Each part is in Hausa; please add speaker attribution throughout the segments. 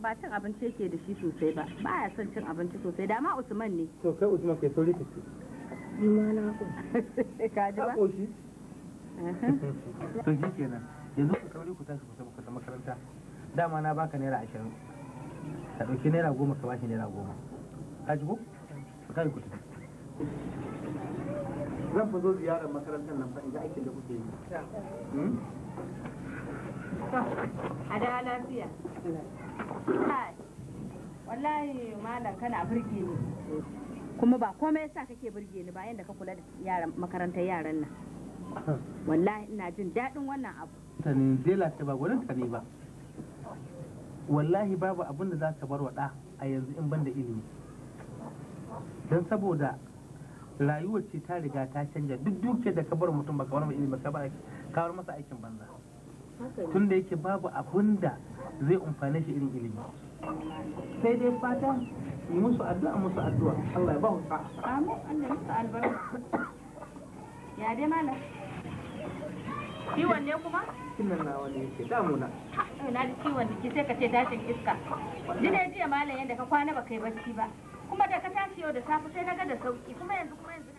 Speaker 1: ba cin abinci yake da shi sosai ba ba ya son cin abinci sosai dama usman ne to kai usman kai sauri ka ce ma na ka ji ba koshi uh-huh. to shi kenan yanzu ka kawo ku tashi ku ta makaranta dama na baka naira ashirin ka dauki naira goma ka bashi naira goma ka ji ko ka kawo ku tafi zan fi zo ziyarar makarantar nan fa in ga aikin da kuke yi hmm? Hmm? a da lafiya wallahi malam kana burge ni kuma ba komai yasa kake burge ni bayan da ka kula da
Speaker 2: yaran makarantar yaran
Speaker 1: nan wallahi ina jin daɗin wannan abu
Speaker 3: ne dela ce ba gurin ta ne ba
Speaker 1: wallahi babu abin da za ka bar waɗa a yanzu in banda ilimi don saboda rayuwar ce ta riga ta canja duk duke da ka bar mutum ba ka ilimi ka bar masa aikin banza tun da yake babu abin da zai umfane shi irin ilimi sai dai fata yi musu addu'a musu addu'a Allah ya ba hutsa amin Allah musu albarka ya dai malam ciwon ne kuma kinan na wani yake damuna na da ciwon jiki sai ka ce tashin iska jina jiya malam yadda ka kwana ba kai barci ba kuma da ka tashi yau da safe sai na ga da sauki kuma yanzu kuma yanzu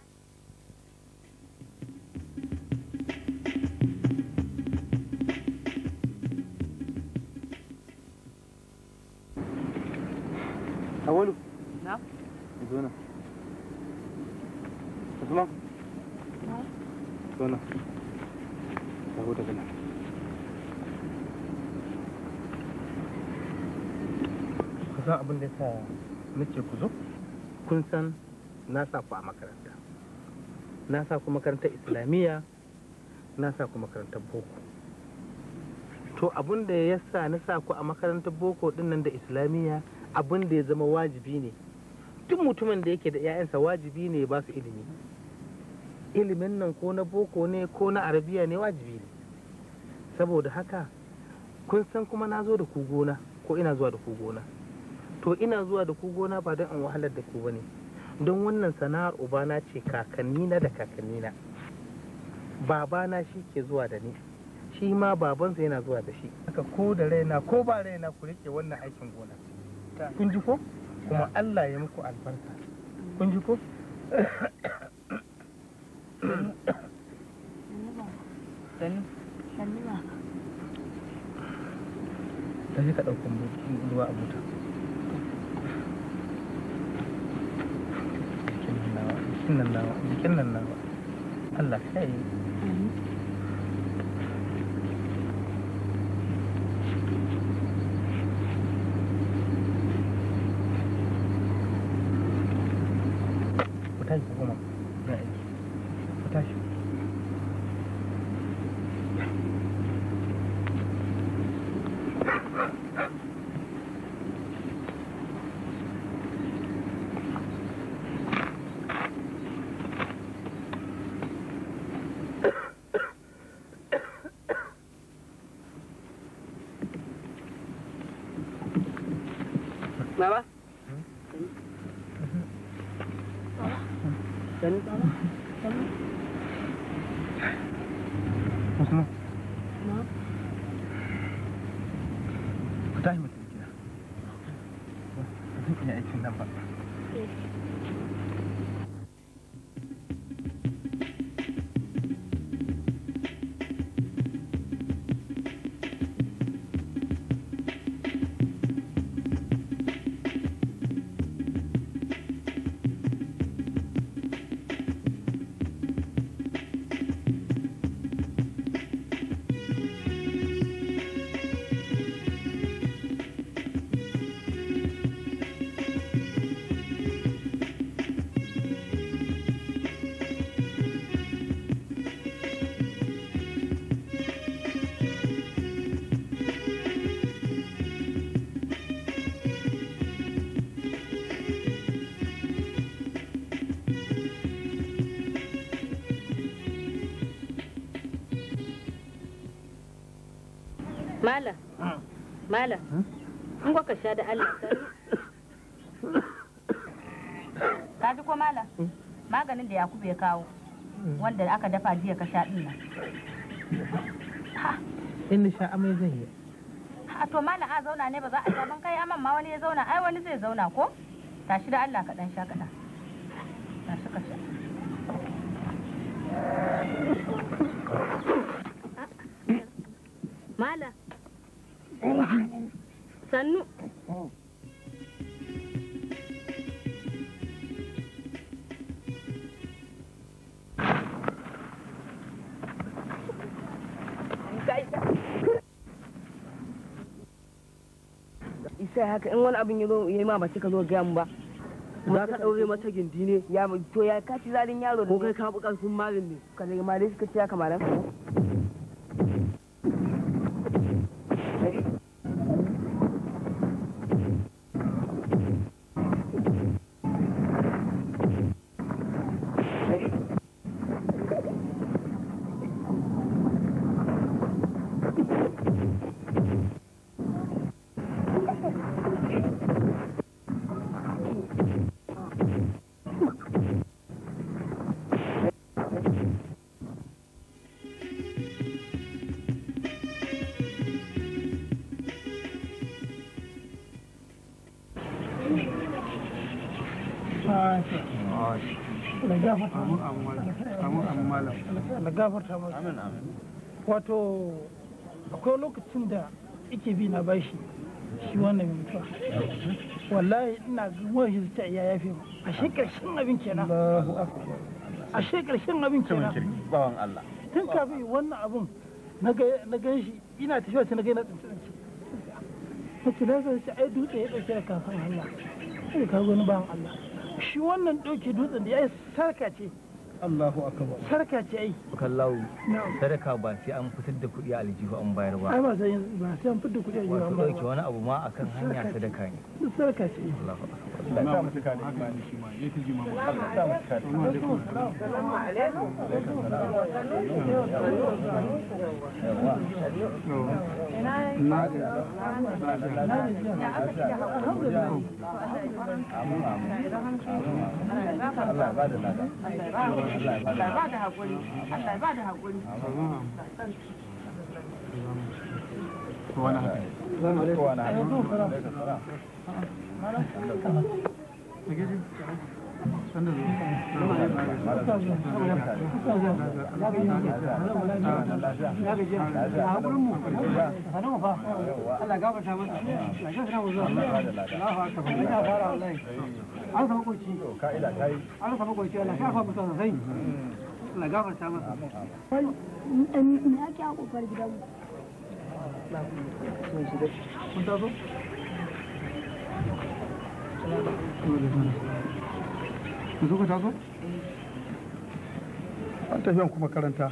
Speaker 1: nace ku zo kun san
Speaker 3: na sa ku a makaranta
Speaker 1: na sa ku makarantar islamiyya na sa ku makarantar boko to abin da ya sa na sa ku a makarantar boko din nan da islamiyya abin da ya zama wajibi ne duk mutumin da yake da 'ya'yansa wajibi ne ba su ilimi ilimin nan ko
Speaker 3: na boko ne ko na arabiya ne wajibi ne saboda haka kun
Speaker 1: san kuma na zo da ku gona ko ina zuwa da ku gona to ina zuwa da ku gona ba don an wahalar da ku bane don wannan sana'ar ubana ce kakannina da kakannina babana shi ke zuwa da ni shi ma babansa yana zuwa da shi aka ko
Speaker 3: da raina ko ba raina ku rike wannan aikin gona kun ji ko kuma Allah ya muku albarka
Speaker 1: kun ji ko ka ɗaukan ruwa a mutum
Speaker 3: jikin nan nawa jikin nan nawa Allah
Speaker 4: ka
Speaker 1: malam in ka sha da Allah ka ji ko malam hmm? maganin da Yakubu ya kawo hmm. wanda aka dafa jiya ka sha ɗina. Ha! in sha amai zai yi a to Mala, a zauna ne ba za a sha ban kai aman ma wani ya zauna ai wani zai zauna ko tashi da Allah ka ɗan sha ka kai haka in wani abin ya zo ya ma mace ka zo ga mu ba za ka daure mata gindi ne ya to ya kaci zalin yaro ne ko kai ka buƙar sun malin ne ka zai malin suka ce ya kamaran
Speaker 3: gafarta masu amin amin wato akwai lokacin da ike bi na bashi shi wannan mutuwa wallahi ina gumar shi zuta iya yafe mu a shi shekarshen abin kenan a shi shekarshen abin kenan bawan Allah tun kafin wannan abin na gan shi ina tafiya ta na gaina tsinci tsinci na ce na zai ai dutse ya dauke da kafin Allah sai ka gani bawan Allah shi wannan ɗauke dutsen da ya yi sarka ce
Speaker 1: Allahu akbar
Speaker 3: sarka ce ai
Speaker 1: kallahu sadaka ba sai an fitar da kuɗi a aljihu an bayar ba ai ba
Speaker 3: sai ba sai an fitar da kuɗi
Speaker 1: a aljihu an bayar ba wani abu ma akan hanya sadaka ne sarka ce Allahu akbar Allah mutuka Allah ba da haƙuri Allah
Speaker 4: ba da ya fara an samu kunci ka'ida ta
Speaker 1: yi an samu kunci Allah ya fa sosai Allah gafarta masa ake a kofar gidanmu
Speaker 5: kun taso
Speaker 6: ka taso an tafiyan kuma karanta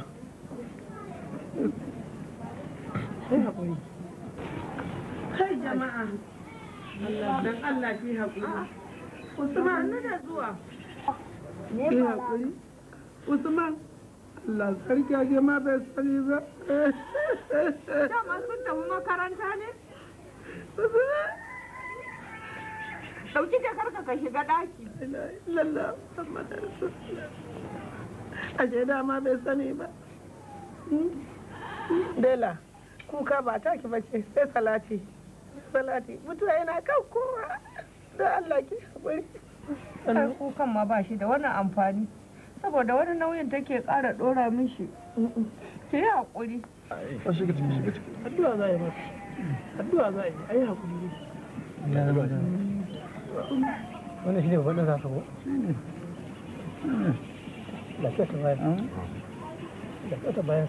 Speaker 1: kai jama'a dan Allah haƙuri Usman na zuwa. Ne ba Usman Allah
Speaker 7: sarki ake ma bai sani ba.
Speaker 1: Dama sun tafi makaranta ne? Dauki jakar ka ka shiga daki.
Speaker 4: Lalla,
Speaker 7: Ashe dama bai sani ba.
Speaker 1: Dela, hmm? kuka ba taki bace sai salati. Salati, mutuwa yana kan kowa. da Allah ki bari ai kukan ma ba shi da wannan amfani saboda wani nauyin take ƙara ɗora min shi ki yi haƙuri
Speaker 4: shiga ciki ka ciki
Speaker 1: addu'a za a yi ba
Speaker 3: addu'a za a yi ai haƙuri wannan shi ne babban ɗan ko lafiya ta bayan
Speaker 4: lafiya hmm? ta bayan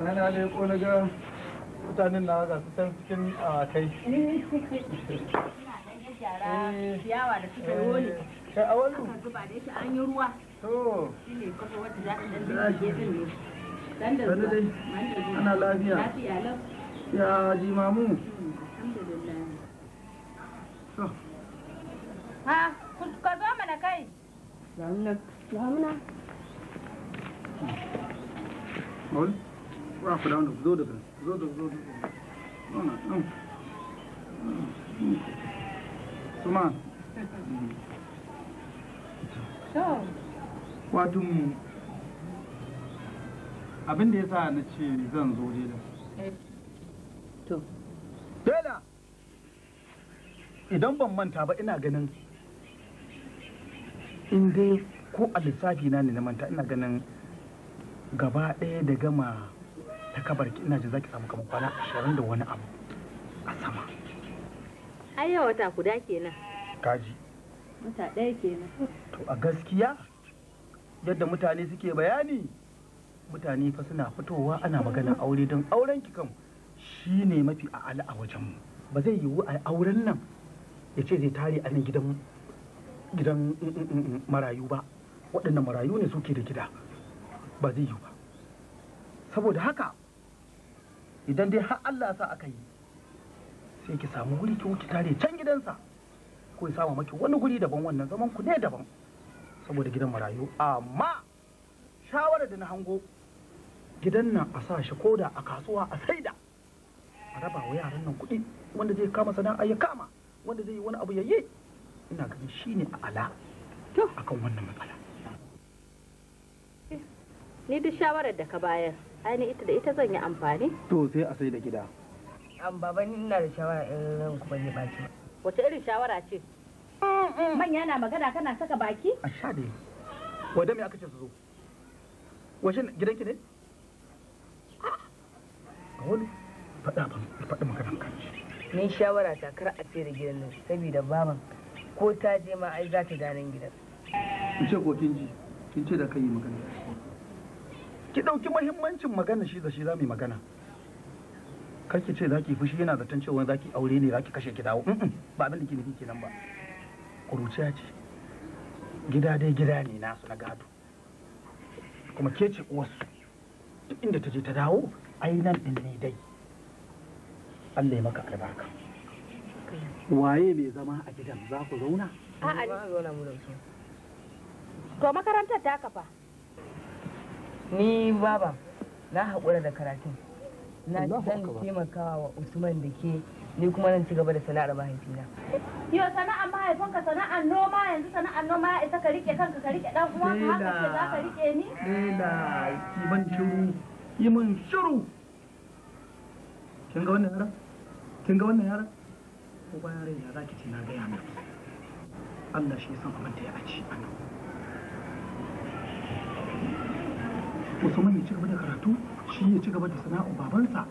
Speaker 6: ana da ko na ga mutanen na ga
Speaker 3: su can cikin a kai
Speaker 1: ciyawa da suka yi wani kai a wani zuba da yake an yi ruwa to shi ne kuma wata za ta ne ana lafiya ya jimamu alhamdulillah ha ka zo mana kai lamuna lamuna Maul? Ba ku da zo daga zo daga zo daga.
Speaker 3: Zauna ɗan. Suma. Wato abin da ya sa na ce zan zo dela. To. Dela! Idan ban manta ba ina ganin in dai ko a lissafi na ne na manta ina ganin gaba ɗaya da gama ta kabar ina ji zaki samu kamar kwana ashirin da wani abu
Speaker 1: a sama
Speaker 2: har yau wata guda kenan kaji wata ɗaya kenan
Speaker 1: to a gaskiya yadda mutane suke bayani mutane fa suna fitowa ana magana aure don auren ki kan shi ne mafi
Speaker 3: ala a wajen mu ba zai yiwu a auren nan ya ce zai tare a nan gidan mm, mm, mm, marayu ba waɗannan marayu ne suke da gida ba zai yi ba saboda haka idan dai har Allah sa aka yi sai ki samu wuri ki wuce tare can gidansa ko ya samu maki wani guri daban wannan zaman ku ne daban saboda gidan marayu amma shawarar da na hango gidan nan a sa shi koda a kasuwa a saida a raba
Speaker 1: wa yaran nan kuɗi wanda zai kama sana'a ya kama wanda zai yi wani abu yayye ina ganin shine a ala akan wannan matsala ni duk shawarar da ka bayar aini ita da ita zan yi amfani
Speaker 3: to sai a sai da gida
Speaker 1: an baba ina da shawara in ran ku bane baki wace irin shawara ce manya na magana kana saka baki a sha dai wadda me aka ce su zo washin gidanki ne a wani faɗa ban faɗa magana kan ni shawara ta kar a tsere gidan nan saboda baban ko ta je ma ai za ta danin gidan
Speaker 8: in ce ko kin ji kin ce da kai magana
Speaker 3: ki ɗauki mahimmancin magana shi da shi za mu yi magana ki ce za ki fushi yana zaton cewa za ki aure ne za ki kashe ki dawo ba abin da ke nufi kenan ba kuruciya ce gida dai gida ne nasu na gado kuma ke ce
Speaker 1: uwarsu duk inda ta je ta dawo ai nan ɗin ne dai Allah ya maka albarka waye mai zama a gidan za ku zauna a'a to makarantar ta kafa ni baba na haƙura da karatun na zan taimakawa wa usman da ke ni kuma nan ci gaba da sana'ar mahaifina yau sana'ar mahaifinka sana'ar noma yanzu sana'ar noma ya isa ka rike kanka ka rike dan uwa ka haka ce za ka rike ni dela
Speaker 5: ki man shiru
Speaker 1: yi man shiru
Speaker 5: kin ga wannan yara kin ga wannan yara
Speaker 1: ko bayan rai ya ki ce na gaya mai? Allah shi ya san abin da ya aci amin
Speaker 3: usman ya ci gaba da karatu shi ya ci gaba da sana'ar babansa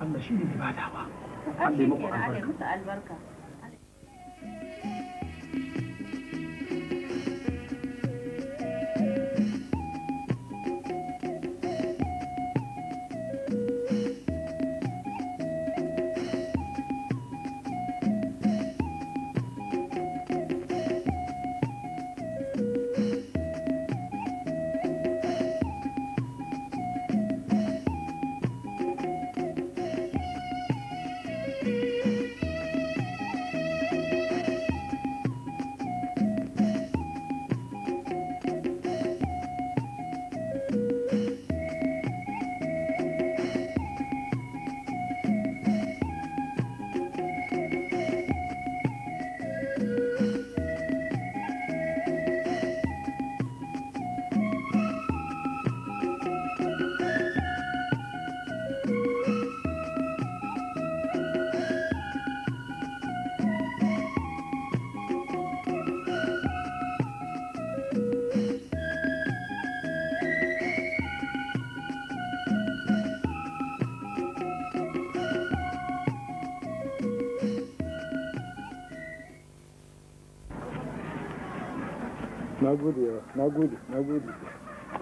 Speaker 3: Allah shi ne mai
Speaker 1: badawa Allah ya muku albarka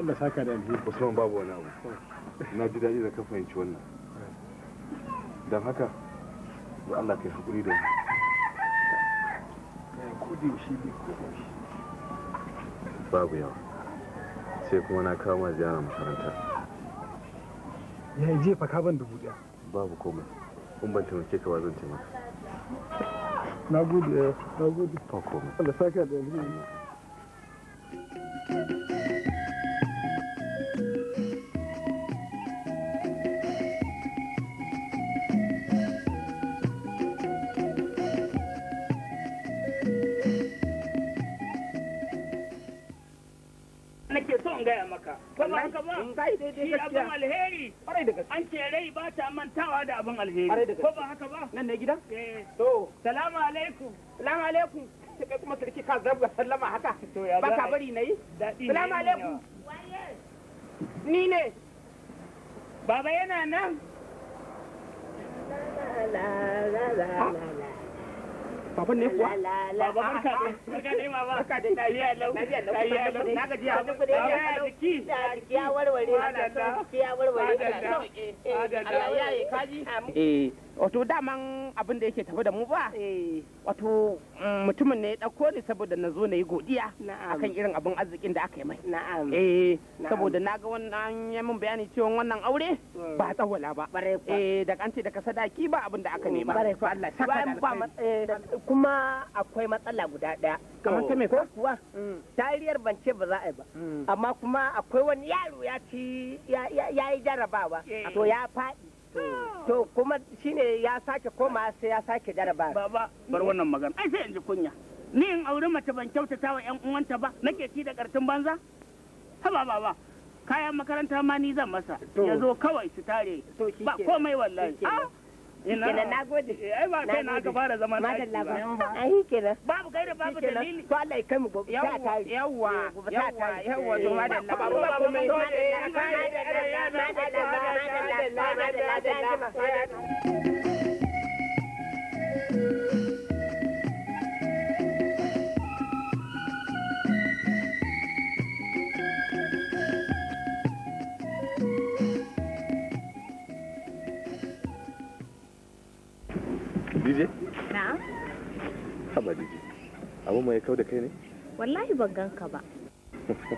Speaker 3: Allah saka da alheri
Speaker 6: Usman babu wani abu na ji daɗi da ka fahimci wannan don haka da Allah kai hakuri da ni babu yawa sai kuma na kama ziyara
Speaker 3: makaranta ya je fa ka ban dubu ɗaya
Speaker 6: babu komai kun ban taimake ka ba zan taimaka
Speaker 3: na gode eh, na gode ba komai Allah saka da alheri
Speaker 1: an gaya maka haka mantawa da abin alheri ni ne baba yana nan la ah. Baba ne kuwa baba barka dai barka dai baba barka dai alau. yi alau. na gaji ya ku dai ya jiki da jiki ya warware da ya warware eh, eh, yi ya kaji wato daman abin da yake tafi da mu ba eh. wato mm, mutumin ne ɗauko ni saboda na zo na yi godiya akan irin abin arzikin da aka yi mai eh saboda na ga wannan ya min bayani cewa wannan aure mm. ba tsawala ba eh da kanti da sadaki ba abin da aka mm, nema Allah saka eh, da kuma akwai matsala guda daya kamar ta me ko kuwa tariyar bance ba za a yi ba amma kuma akwai wani yaro ya ci ya yi jarabawa eh. to ya faɗi
Speaker 4: to
Speaker 1: kuma shine ya sake koma sai ya sake jaraba baba bar wannan magana ai sai in kunya ni in aure mace ban kyautata wa yan uwanta ba nake ci da kartin banza ba ba. kayan makaranta ma ni zan masa ya zo kawai su tare ba komai wallahi kenan na gode eh, ai ba kai na aka fara zama na ba ai kenan babu kai da babu dalili to Allah ya kai mu gobe ta tare yawa yawa yawa to eh, madalla babu ba komai madalla madalla
Speaker 4: madalla madalla madalla
Speaker 6: DJ? Na'am. Haba DJ. Abu mai kau da kai ne?
Speaker 1: Wallahi ban gan ka ba.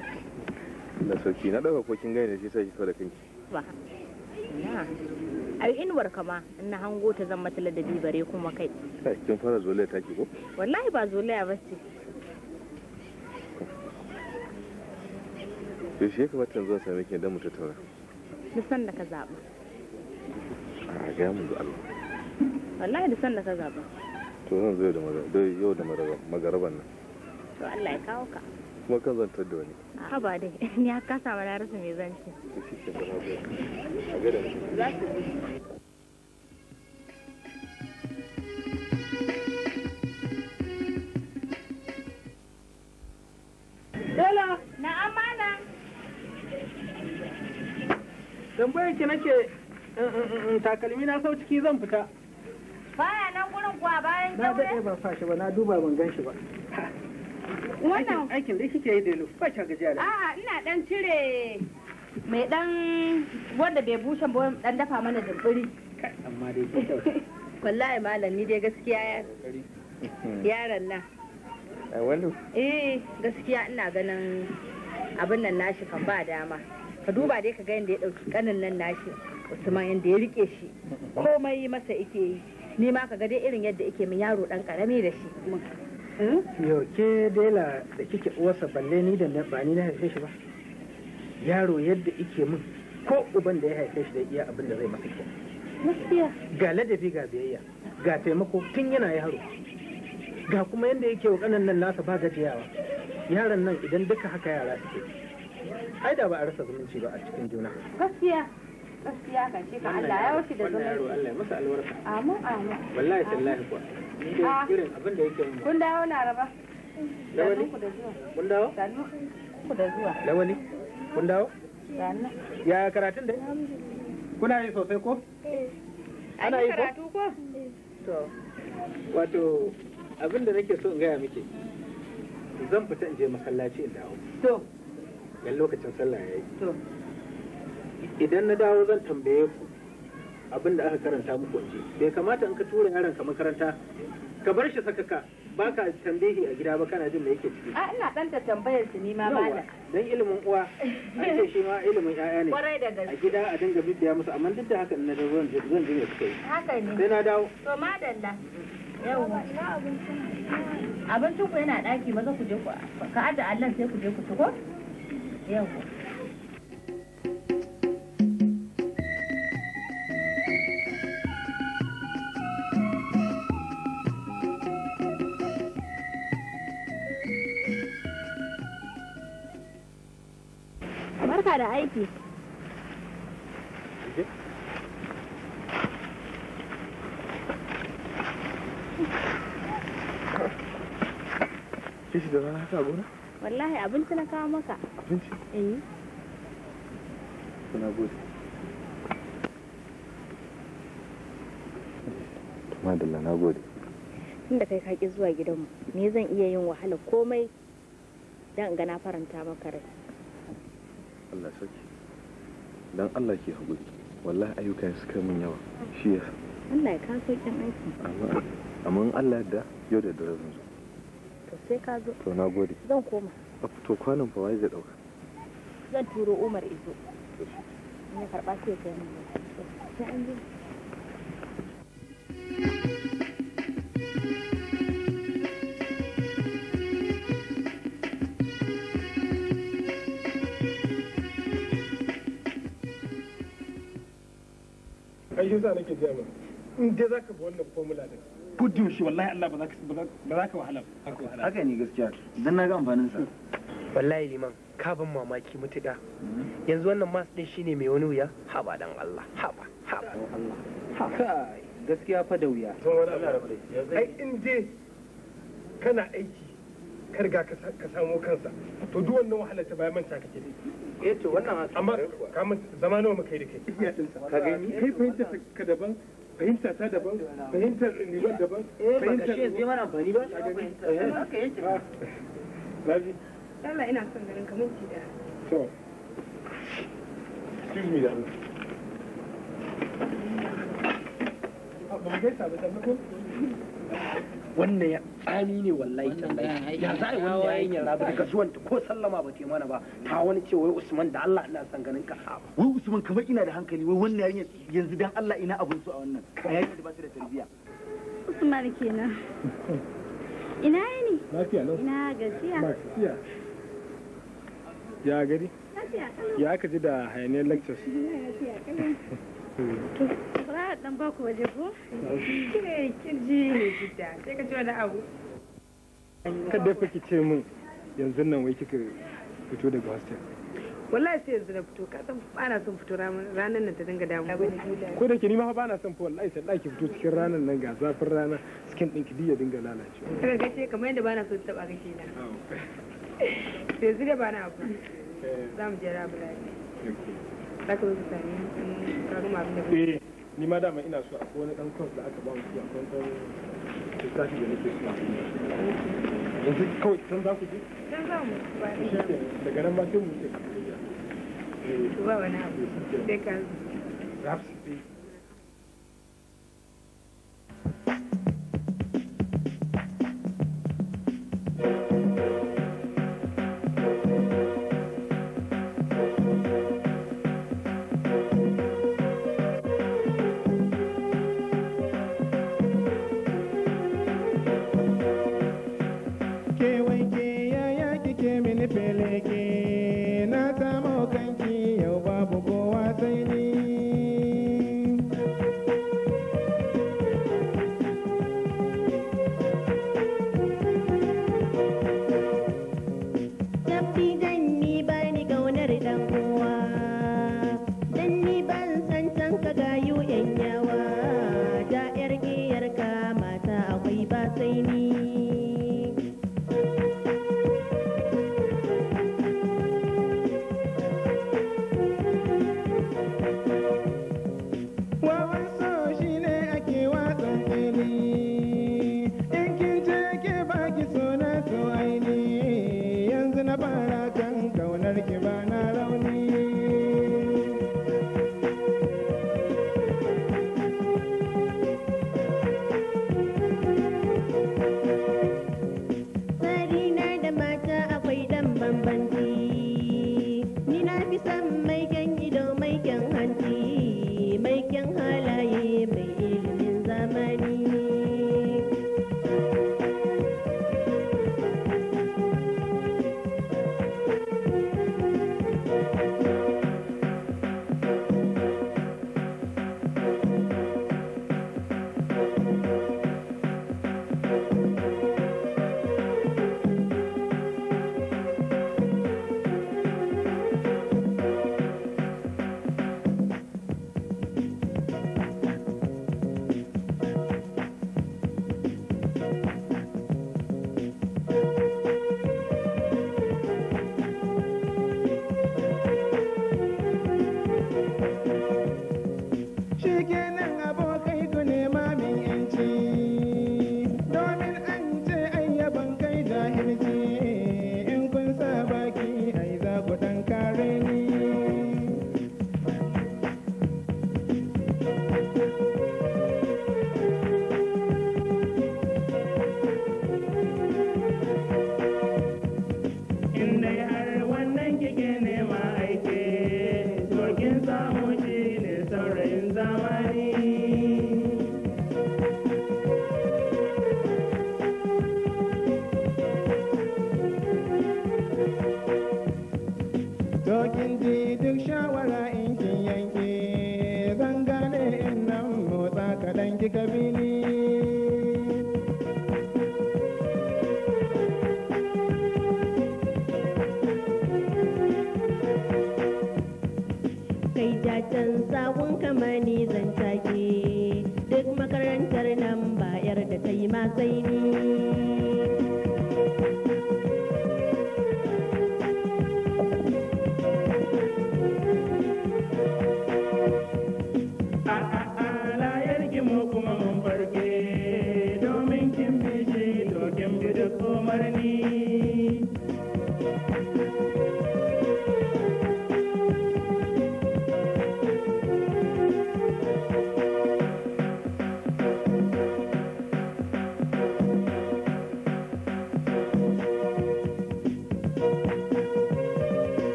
Speaker 6: Na sauki na dauka ko kin gane shi sai ki kau da kanki.
Speaker 1: Ba. Na. Ai inuwar kama ma na hango ta zan mata ladabi bare kuma kai.
Speaker 6: Kai kin fara zolaya take ko?
Speaker 1: Wallahi ba zolaya ba ce.
Speaker 6: Yaushe shi ka yanzu a same ki dan mu tattauna?
Speaker 1: Nisan da ka zaɓa.
Speaker 6: A ga mu da Allah.
Speaker 1: wallahi da san ka zaba
Speaker 6: to zan zo da yau da magaraban nan
Speaker 1: to Allah ya kawo ka
Speaker 6: kuma kan zantar da wani
Speaker 1: ha ba dai ni ya kasa mana rasa me zan ce na amana tambayar ki nake takalmi na sau ciki zan fita baya nan gurin kuwa bayan kyau kyaure? Na daɗe ban sa shi ba, na duba ban gan shi ba. Wannan aikin da kike yi delu, ba shi gajiya da. A'a, ina dan cire mai dan wanda bai bushe ba dan dafa mana dimbiri. Amma dai kin kyauta. Wallahi malam ni dai gaskiya yaron nan. Ai wallo. Eh, gaskiya ina ganin abin nan nashi kan ba dama. Ka duba dai ka ga yadda ya ɗauki kanin nan nashi. Usman yadda ya rike shi komai masa ike yi ni ma ka ga dai irin yadda ike min yaro dan karami da shi
Speaker 3: hmm? yo
Speaker 5: ke
Speaker 1: dela da kike uwarsa balle ni da ba ni na haife shi ba yaro yadda ike min ko uban da ya haife shi da iya abin da zai masa gaskiya ga ladabi ga biyayya ga taimako tun yana yaro ga kuma yadda yake wa kanan nan nasa ba gajiyawa yaron nan idan duka haka yara suke ai da ba a rasa zumunci ba a cikin juna gaskiya gaskiya kuwa lawani ah. kun dawo
Speaker 3: ya karatun dai kuna yi sosai ko eh. ana yi karatu ko to wato abin da nake so in gaya miki zan fita in je masallaci in dawo to yan lokacin sallah yayi to idan na dawo zan tambaye ku abin da aka karanta muku wace bai
Speaker 1: kamata in ka tura yaron ka makaranta ka bar shi sakaka ba ka tambayi a gida ba kana jin me yake ciki a ina dan ta tambayar su ni ma malam dan ilimin uwa ake shi ma ilimin yaya ne a gida a dinga bibiya musu amma duk da haka ina da zan zan jin me suka yi haka ne sai na dawo to madalla yawa abincin ku yana daki maza ku je ku ka aje allan sai ku je ku ci
Speaker 4: ko
Speaker 1: barka da aiki
Speaker 6: Kishi da rana haka gona?
Speaker 1: Wallahi abinci na kawo maka. Abinci? Eh.
Speaker 6: Suna gode. Madalla na gode.
Speaker 1: Tunda kai ka ki zuwa gidanmu, me zan iya yin wahala komai dan ga na faranta maka rai.
Speaker 6: Allah sarki dan Allah ke haƙuri wallahi ayyuka su kai mun yawa shi ya sa
Speaker 1: Allah ya kawo sauƙin aiki
Speaker 6: amma amma Allah da yau da dare zan
Speaker 1: zo to sai ka zo to na gode zan koma
Speaker 6: to kwanan fa wai zai dauka
Speaker 1: zan turo Umar izo to shi ya karba sai kai mu sai an ji
Speaker 3: shi sa nake gaya in dai zaka bi wannan formula din ko da yaushe wallahi Allah ba za ka ba za ka wahala haka ne gaskiya
Speaker 1: dan na ga amfanin sa wallahi liman ka ban mamaki mutuka yanzu wannan mas din shine mai wani wuya haba dan Allah haba haba haba gaskiya fa da wuya
Speaker 3: ai in dai kana aiki karga ka samu kansa to duk wannan wahalar ta bayan manta kake eh to wannan amma kamar zama nawa da kai ka gani kai fahimta ka daban fahimta ta daban
Speaker 4: fahimtar liban daban
Speaker 3: eh, zai amfani ba ka ba eh.
Speaker 1: Allah ina son ka minti da
Speaker 3: to excuse me da
Speaker 1: wannan ya tsami ne wallahi tallahi
Speaker 3: ya za
Speaker 4: a yi wani yayin ya rabu daga
Speaker 1: zuwan ta ko sallama ba ta mana ba ta wani ce wai Usman da Allah ina son ganin ka wai Usman kamar ina da hankali wai wannan yayin yanzu dan Allah ina abun su a wannan a yayin da ba su da tarbiyya Usman kenan ina ne lafiya lau ina
Speaker 3: gajiya lafiya ya gari ya ka ji da hayaniyar lectures
Speaker 2: Ba dan ba ku waje ko?
Speaker 1: kirji ne gida. Sai ka ji wani abu.
Speaker 3: Kada fa ki ce min yanzu nan wai kika fito daga hostel.
Speaker 1: Wallahi sai yanzu na fito kasan bana son fito ranar nan ta dinga damu. Ko da
Speaker 3: ke ni ma bana son fa wallahi sai ki fito cikin ranar nan ga zafin rana cikin din ki ya dinga lalacewa.
Speaker 1: Kaga ce kamar yadda bana son ta taba gashi na. Sai yanzu da bana abu. Za mu je rabu
Speaker 3: lafiya.
Speaker 1: za ni
Speaker 3: da eh, ma dama ina so akwai wani dan course da aka ba mu a kan dan lissafi da nake so yanzu kawai can za ku je
Speaker 1: can za mu ba
Speaker 3: daga nan ma sai mu ba
Speaker 1: wani abu ka pain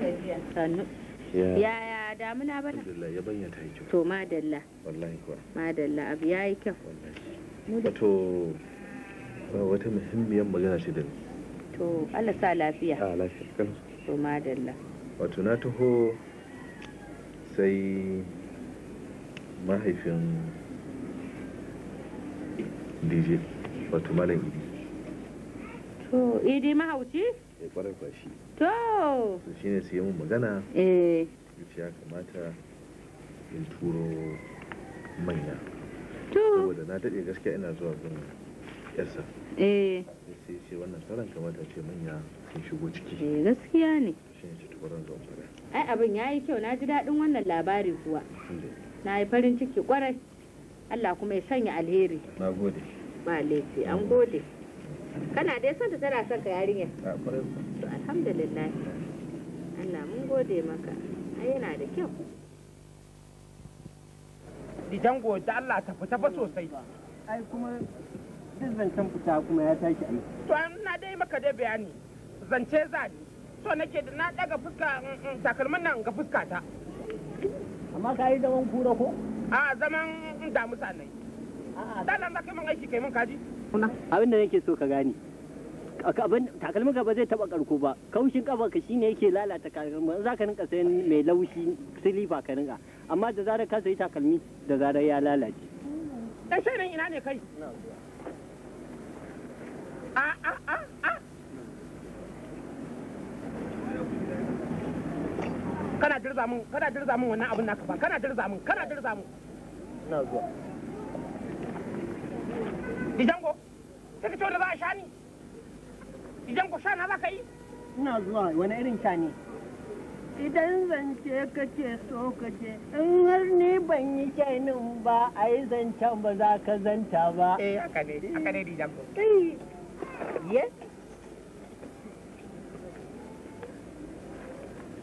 Speaker 1: gajiya.
Speaker 6: Yaya
Speaker 1: damuna bana?
Speaker 6: ya banya yi
Speaker 1: To madalla. Wallahi kuwa. Madalla abu ya yi kyau.
Speaker 6: Wato wata muhimmiyar magana ce da
Speaker 1: To Allah sa lafiya.
Speaker 6: A ah, lafiya
Speaker 1: To madalla.
Speaker 6: Wato na taho sai mahaifin DJ wato malam idi.
Speaker 1: To idi mahauci?
Speaker 6: Ya eh, kwarai kwashi. to shi ne sai mun magana eh ya kamata
Speaker 1: in turo
Speaker 6: manya to saboda na daɗe gaskiya ina zuwa gun yarsa eh sai wannan kamata ce manya sun shigo ciki eh
Speaker 1: gaskiya ne shi ne tukuran zuwa ai abin yayi kyau na ji daɗin wannan labarin kuwa na yi farin ciki kwarai Allah kuma ya sanya alheri na gode ba laifi an gode kana dai santa ta tana son ka yarinya
Speaker 2: to
Speaker 1: alhamdulillah Allah mun gode maka ai yana da kyau dijango da Allah ta fita fa sosai ai kuma duk zancen fita kuma ya tashi ai to na dai maka dai bayani zance za ni so nake da na daga fuska mm, mm, takalmin nan ga fuska ta amma ka yi zaman kura ko a zaman damusa a dalan za ka yi min aiki kai min kaji abin da nake so ka gane takalmin gaba ba zai taba karko ba kaushin kafa ka shine yake lalata takalmin za ka rinka sayan mai laushi silifa ka rinka amma da zarar ka sayi takalmi da zarar ya lalace dan shaidan ina ne kai a a a a kana dirza mun kana dirza mun wannan abin naka ba kana dirza mun kana dirza mun na zuwa Dijango, sai ka ce wanda za a sha ni? Dijango sha na za ka yi?
Speaker 7: Ina zuwa wani irin sha ne?
Speaker 1: Idan zance ka ce so ka ce, in har ni ban yi shainin ba, a yi zancen ba za ka zanta ba. Eh, haka ne, haka ne Dijango. Eh. yes.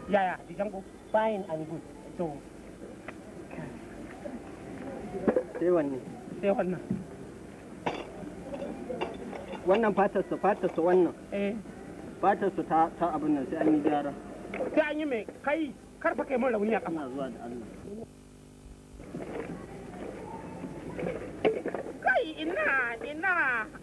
Speaker 1: Yaya, Dijango? Fine and good. So, sai wannan. Sai wannan. wannan fatarsa fatarsa wannan eh. fatarsa ta ta abin nan sai an yi gyara sai an yi mai kai karfa kai mun rauni a kama zuwa da Allah kai ina ina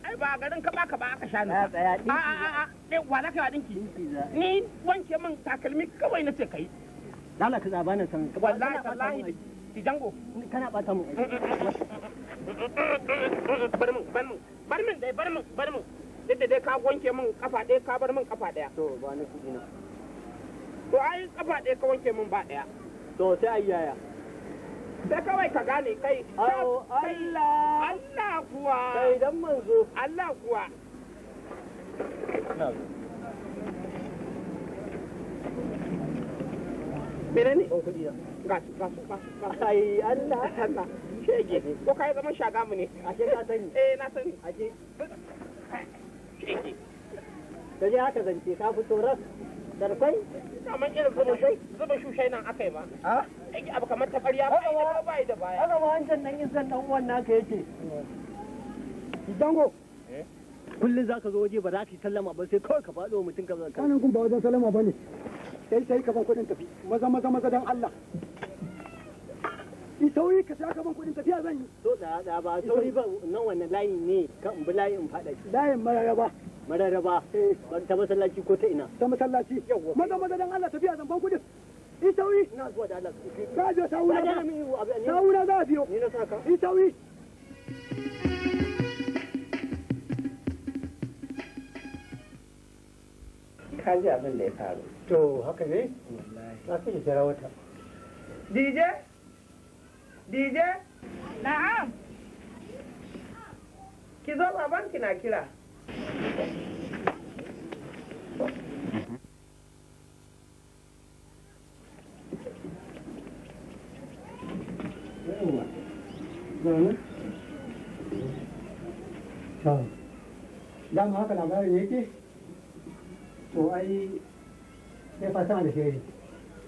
Speaker 1: ai ba garin ka baka ba aka shani a tsaya a a a wa za ka yi dinki ni wanke min takalmi kawai na ce kai lala ka zaba na san wallahi wallahi jango kana bata mu bar mu bar mu bar min dai bar mu bar mu dai ka wanke mun kafa ɗaya ka bar mun kafa ɗaya to ba ni kuɗi na to ai kafa ɗaya ka wanke min ba ɗaya to sai ai yaya sai kawai ka gane kai Allah Allah kuwa kai dan manzo Allah kuwa
Speaker 4: Allah,
Speaker 1: Allah. shege ko kai zaman shaga mu ne ashe ka sani eh na sani ashe shege da ya haka zance ka fito ras darkwai kamar irin zuba shai zuba shushai nan akai ba a abu kamar tafarya ba ida ba ida baya haka ba
Speaker 5: wancan nan izan dan uwan naka yake
Speaker 1: mm. dango eh? kullum za ka zo waje ba za ka yi sallama ba sai kawai ka faɗo mutum ka zaka
Speaker 5: kanin kun ba wajen sallama ba ne sai sai
Speaker 3: ka ban kuɗin tafi maza maza maza dan Allah
Speaker 1: in sauri ka saka ban kuɗin tafiya zan yi to da da ba sauri ba nan wannan layi ne kan bi layi in faɗa shi
Speaker 3: layin
Speaker 5: mararaba mararaba eh. ta masallaci ko ta ina ta masallaci
Speaker 1: maza maza dan Allah tafiya zan ban kuɗin in sauri ina zuwa da Allah
Speaker 4: ka je sauna ba sauna za a
Speaker 5: biyo ni na saka in sauri
Speaker 1: kaje ji abin da ya faru to haka ne
Speaker 5: wallahi ka kike jira wata DJ dije
Speaker 1: Na'am. Ki zo babanki na kira.
Speaker 5: Dama haka labarin yake? To ai sai fasama da shiri.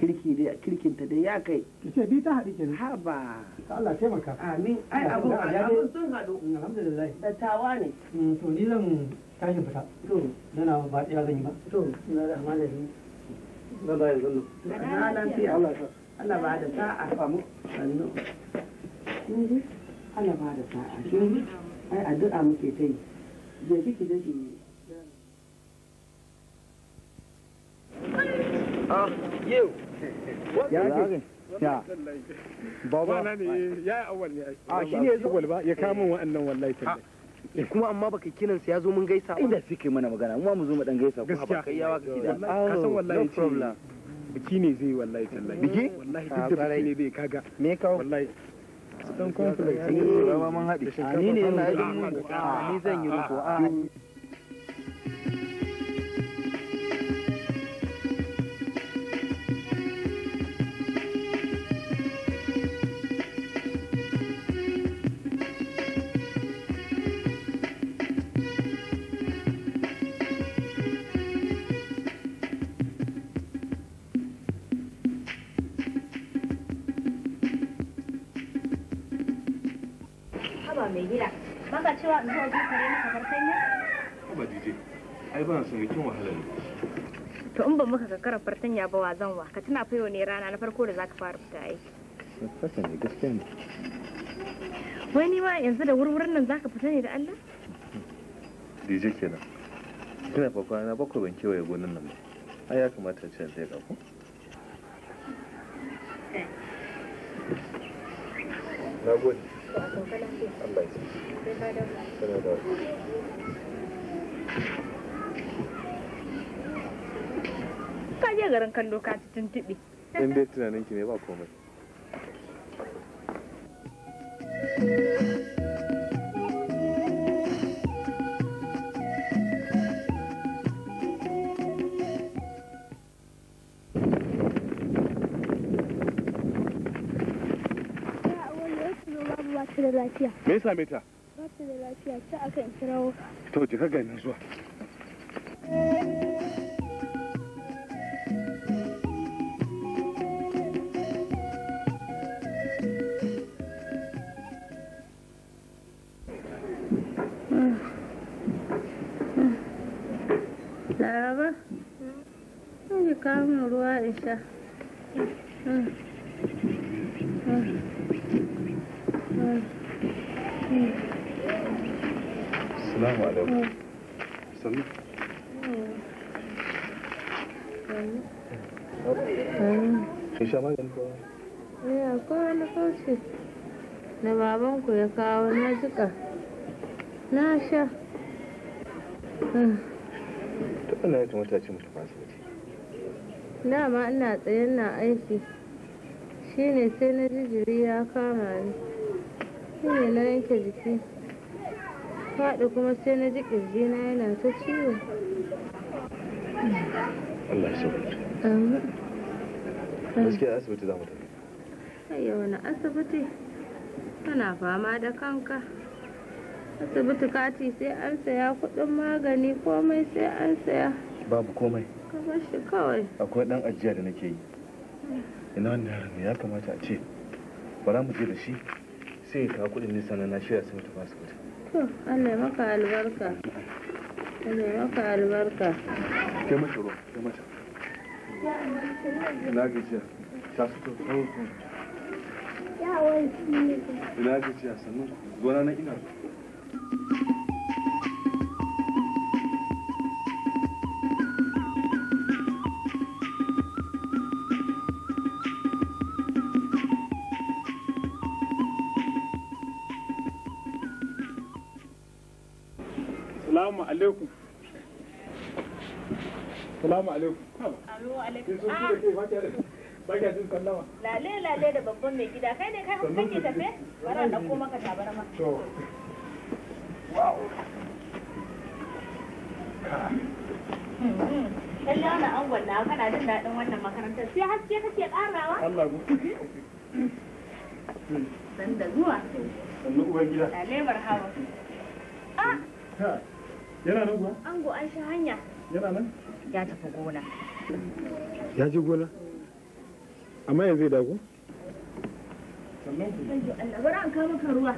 Speaker 1: kirki dai kirkin ta dai ya kai ce bi ta haɗi kenan ha ba Allah taimaka amin ai abun abun sun haɗu mm, alhamdulillah dattawa ne mm, to ni zan tashi fita to dana ba ɗaya zan yi ba to na rahman rahim ba ba yanzu na nan sai Allah Allah ba da sa'a famu sannu Allah ba da sa'a kin ai addu'a muke ta yi je kike je ki
Speaker 3: yau ya baba na ya awal ne a shi ne awal ba ya kama
Speaker 1: wa'annan wallahi tallahi kuma amma baka kinan sa yazo mun gaisa ba inda suke mana magana mu mu zo mu dan gaisa ko ba kai yawa ka kida ka san wallahi problem
Speaker 3: biki ne zai wallahi tallahi biki wallahi duk da biki ne zai kaga me kawo wallahi dan complex
Speaker 6: ne ba mun haɗi ni ne na yi ni zan yi ruko zan sami kin wahala ne
Speaker 1: to in ba muka kakkara fartanya ba wa zan wa ka tuna fa ne rana na farko da zaka fara fita aiki
Speaker 6: haka ne gaskiya ne
Speaker 1: wai ni ma yanzu da wurwurin nan zaka fita ne da Allah
Speaker 6: dije kenan kina fa kwana bakwai ban kewaye gonan nan ba ai ya kamata ce sai ka ko
Speaker 7: na gode Allah ya sa.
Speaker 1: Sai ka dawo. Sai ka dawo. ka je garin kallo ka ci tuntuɓe
Speaker 6: in dai tunanin ki ne ba komai lafiya. Me ya same ta?
Speaker 2: Ba ta da lafiya ta akan kirawo.
Speaker 6: To ki
Speaker 4: ka gani zuwa.
Speaker 2: laraba zai ruwa in sha
Speaker 6: Assalamu alaikum. sha magani ko?
Speaker 1: akwai wani da babanku ya kawo na jika. Na sha.
Speaker 6: wannan yatin wata ce mutum asibiti
Speaker 1: dama ina tsayen na aiki shi ne sai na jijiri ya kama ni ne na yanke jiki faɗi kuma sai na ji ƙirji na yana ta ciwo
Speaker 4: Allah wuce amma gaskiya
Speaker 6: asibiti za mu tafi
Speaker 1: ayyau na asibiti kana fama da kanka asibiti kati sai an saya kudin magani komai sai an saya babu komai kamar shi kawai
Speaker 6: akwai dan ajiya da nake yi ina wanda yaron ya kamata a ce bara mu je da shi sai ka kawo kudin nisa na na shirya sai mutu basu kuɗi
Speaker 1: to Allah maka albarka
Speaker 2: Allah maka albarka
Speaker 6: kai mata ruwa kai mata ina gajiya ta su to sauran ina gajiya sannan zuwa na ina Salamu
Speaker 3: alaikum. Salamu alaikum. Alo sallama?
Speaker 1: Lale lale da babban mai gida kai ne kai kake tafe? Bara da ko maka tabarma.
Speaker 4: To. Hmm,
Speaker 2: hmm. Lalle wannan angon na kana jin daɗin wannan makarantar sai haske kake ƙarawa?
Speaker 1: Allah ku. Sanda zuwa.
Speaker 3: Sannu gida. Ah! Yana nan kuwa?
Speaker 1: Ango an sha hanya. Yana nan? Ya tafi gona.
Speaker 3: Ya je gona? Amma yanzu ya dago?
Speaker 1: Sannan ku. Allah, bari an kawo maka ruwa.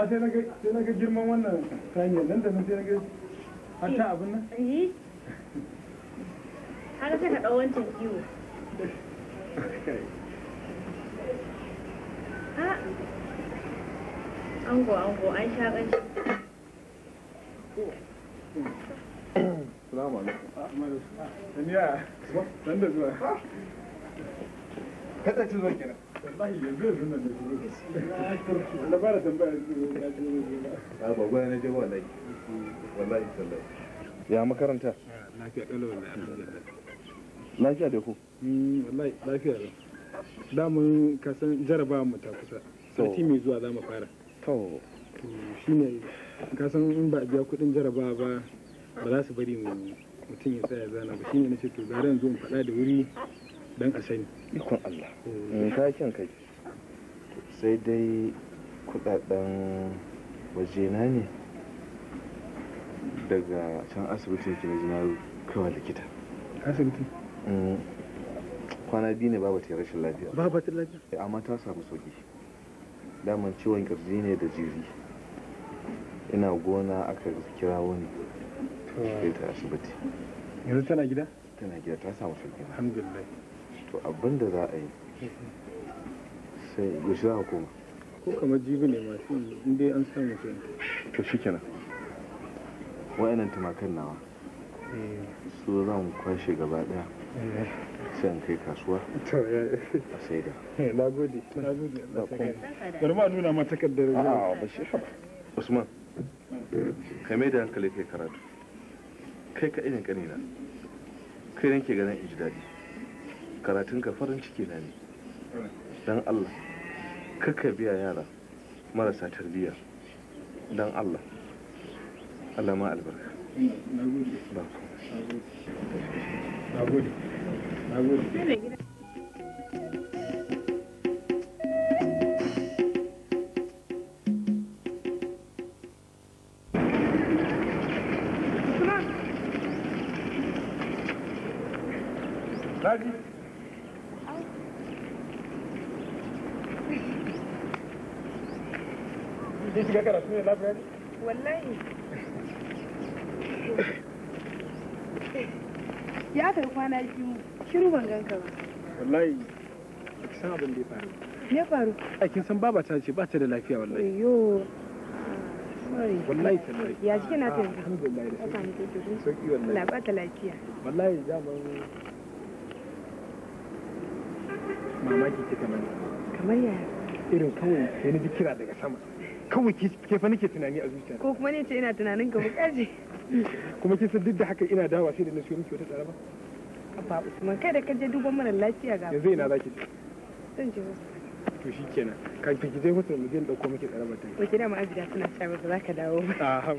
Speaker 3: amma sai na ga girman wannan nan da nan sai na ga hatta abin nan
Speaker 9: har sai
Speaker 2: ka wancan kiwo ango ango an sha ganci
Speaker 3: alaikum. Ah, da zuwa. kada ci zuwa kenan da shi ba da a ba na ya makaranta lafiya da ku lafiya da da mun ka san jaraba mu ta kusa sati mai zuwa za mu fara to shine ka san in ba biya kudin jaraba ba ba za su bari mu mutum ya tsaya zana ba shine nace to gara yanzu mu faɗa da wuri don a sani ikon Allah in eh.
Speaker 6: kakin kai sai dai kudaden waje na ne daga can asibitin ke na kawa likita asibiti mm. kwana biyu ne babu ta rashin lafiya babu ta lafiya eh, amma ta samu sauki daman ciwon kirji ne da jiri ina gona aka kira wani ta asibiti
Speaker 3: yanzu tana gida
Speaker 6: tana gida ta samu sauki alhamdulillah to abin da za a yi sai yaushe za ka koma
Speaker 3: ko kamar jibi ne masu yi inda an samu kai
Speaker 6: ta shi kenan wa'annan tumakan nawa su zan kwashe gaba daya sai an kai kasuwa a sai da
Speaker 3: eh, na gode na gode bari ma nuna ma takardar a ba shi
Speaker 6: usman kai mai da hankali kai karatu kai ka irin kanina kai ke ganin ijidadi. karatunka farin ciki na ne don allah kaka biya yara marasa tarbiyya don allah allah ma albarka
Speaker 3: shiga karatu ne lafiya ne?
Speaker 1: Wallahi. Ya kai kwana biyu, shiru ban ganka ba.
Speaker 3: Wallahi, san abin da ya faru.
Speaker 1: Me faru? kin
Speaker 3: san baba ta ce ba ta da lafiya
Speaker 1: wallahi. Wallahi Ya jike na
Speaker 3: ta yanzu. Alhamdulillah da sauki. Sauki wallahi. ta lafiya. Wallahi mamaki kika mani. Kamar yaya? irin kawai sai na ji kira daga sama kawai ke ke fa nake tunani a zuciya
Speaker 1: ko kuma ne ce ina tunanin ka
Speaker 10: bukaje
Speaker 3: kuma kin san duk da haka ina dawa sai da na siyo miki wata tsara ba abba usman
Speaker 1: kai da ka je duban mara lafiya
Speaker 10: ga
Speaker 3: yanzu ina zaki je zan je to shi kenan kafin ki je hotel mu je dauko miki tsara ba ta ko
Speaker 1: kina ma azida suna cewa ba za ka dawo
Speaker 3: ba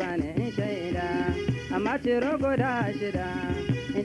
Speaker 10: bani shaida amma ciro guda shida in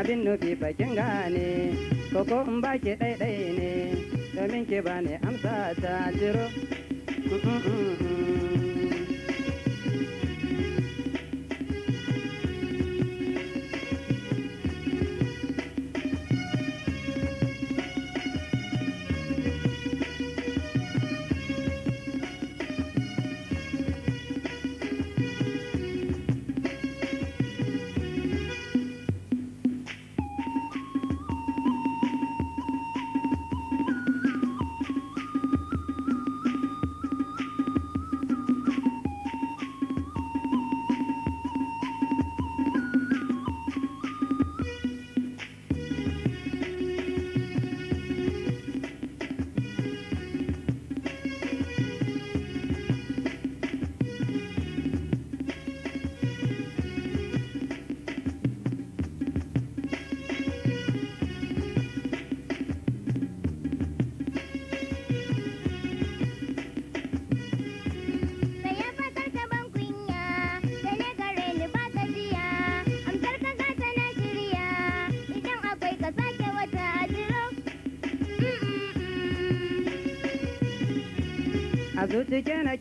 Speaker 10: abin nufi bakin gane koko in baki ɗaiɗai ne domin ki bani amsa ta jiro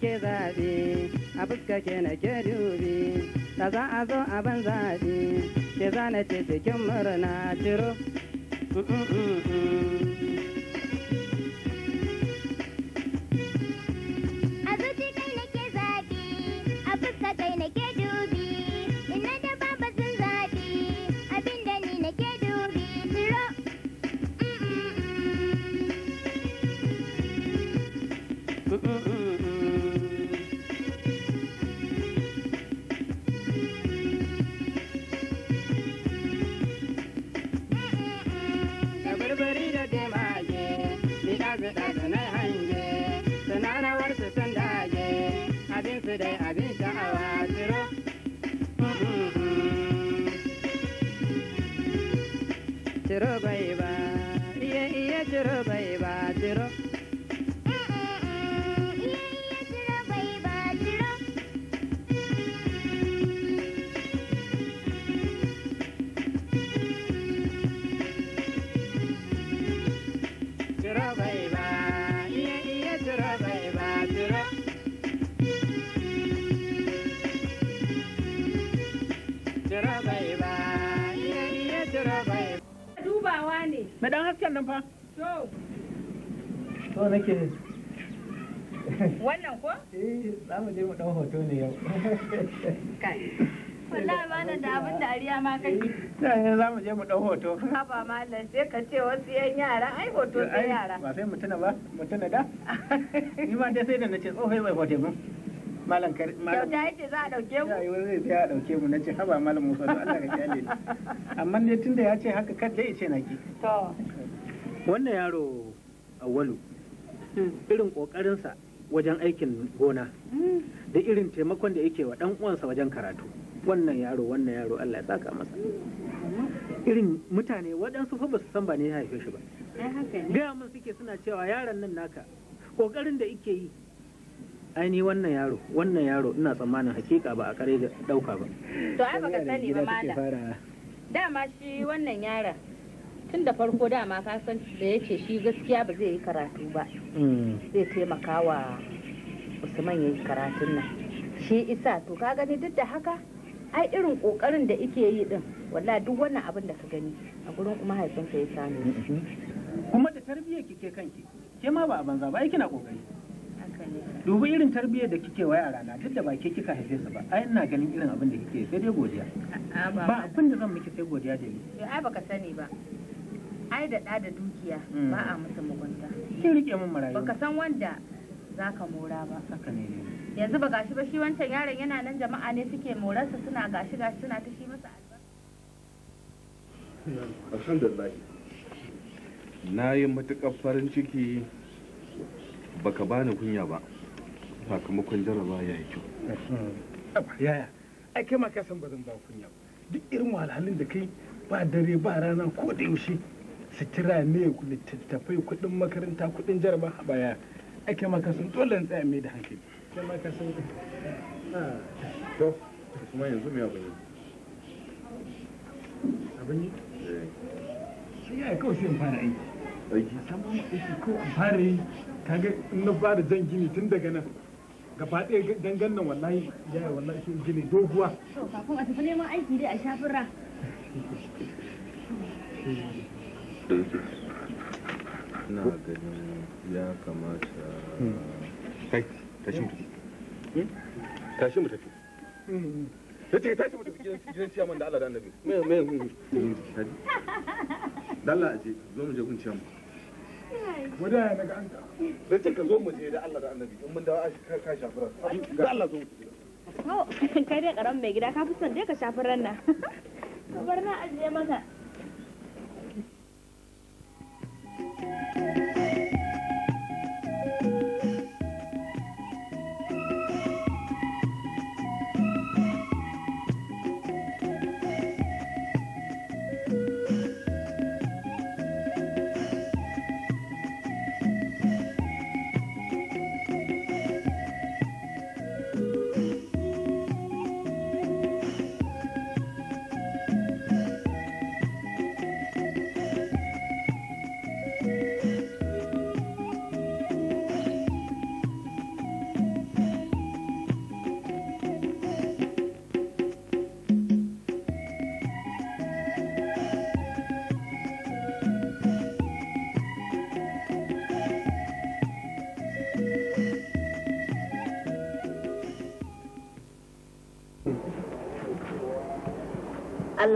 Speaker 10: ke zaɓe a fuska ke na ke dubi da za a zo abin zaɓe ke zana ce cikin murna ciro mm, mm, mm,
Speaker 1: Me dan hasken nan fa
Speaker 4: to
Speaker 3: To nake
Speaker 1: wannan ko eh za mu je mu dan hoto ne yau kai wallahi ba nan da abin da ariya ma kai sai za mu je mu dau hoto ha ba mallan sai ka ce wasu yan yara ai hoto sai yara ba sai mutuna ba mutuna da ni ma dai sai da nace tsohai mai hoto mun malam kar malam kyauta yace za a dauke mu yayi zai sai a dauke mu nace haba malam Musa don Allah ka kyale ni
Speaker 3: amma ne tunda ya ce haka kada ya ce na ki
Speaker 1: to wannan yaro Awwalu hmm. irin kokarinsa wajen aikin gona hmm. da irin taimakon da yake wa dan uwansa wajen karatu wannan yaro wannan yaro Allah ya saka masa irin mutane waɗansu fa ba su san ba ne ya haife shi ba eh, gaya mun suke suna cewa yaron nan naka ƙoƙarin da yake yi aini wannan yaro wannan yaro ina tsammanin hakika ba a kare da dauka ba to ai baka sani ba mala dama shi wannan yara tun da farko dama ka san da yake shi gaskiya ba zai yi karatu ba mm. zai taimaka wa usman ya yi karatun nan shi isa to ka gani duk da haka ai irin kokarin da ike yi din walla duk wannan abin da ka gani a gurin kuma haifinka ya samu mm-hmm. kuma da tarbiyyar kike kanki ke ma ba a banza ba ai kina kokari dubi irin tarbiyyar da kike waya rana duk da ba ke kika haife su ba ai ina ganin irin abin da kike sai dai godiya ba abin da zan miki sai godiya da ni eh, ai baka sani ba ai da da da dukiya mm. ba a musu mugunta kin rike min marayu baka san wanda zaka mora ba haka ne yanzu ba gashi ba shi wancan yaron yana nan jama'a ne suke morarsa suna gashi gashi suna ta shi masa albarka
Speaker 6: alhamdulillah na yi matuƙar farin ciki baka bani kunya ba sakamakon jaraba ya yi
Speaker 3: kyau yaya ai kai ma ka san ba zan ba kunya ba duk irin wahalhalun da kai ba dare ba rana ko da yaushe sutura ne littattafai kuɗin makaranta kuɗin jaraba a baya ai kai ma ka san dole tsaya mai da hankali kai ma ka san ah,
Speaker 6: to kuma yanzu me abin
Speaker 3: abin yi eh.
Speaker 1: sai ya kawai sai in fara aiki aiki san ba mu aiki ko in
Speaker 3: fara yi kaga in na fara jan gini tun daga nan gaba ɗaya dangan nan wallahi ya yi wallahi shi gini doguwa
Speaker 2: to kafin a tafi neman aiki dai a shafira
Speaker 3: na ganin
Speaker 6: ya kamata hmm. kai tashi mu tafi hmm? tashi mu tafi ya ce tashi mu tafi gidan ciyaman da Allah da annabi me me dalla aje zo mu je gun ciyaman
Speaker 4: Gwada ya naga an ta.
Speaker 6: ce ka zo mu je da Allah da Annabi in mun dawo a ka shafi ran. Ga Allah zo mu je.
Speaker 1: Kai dai karan mai gida ka fi son dai ka shafi ran nan. Bar na ajiye maka.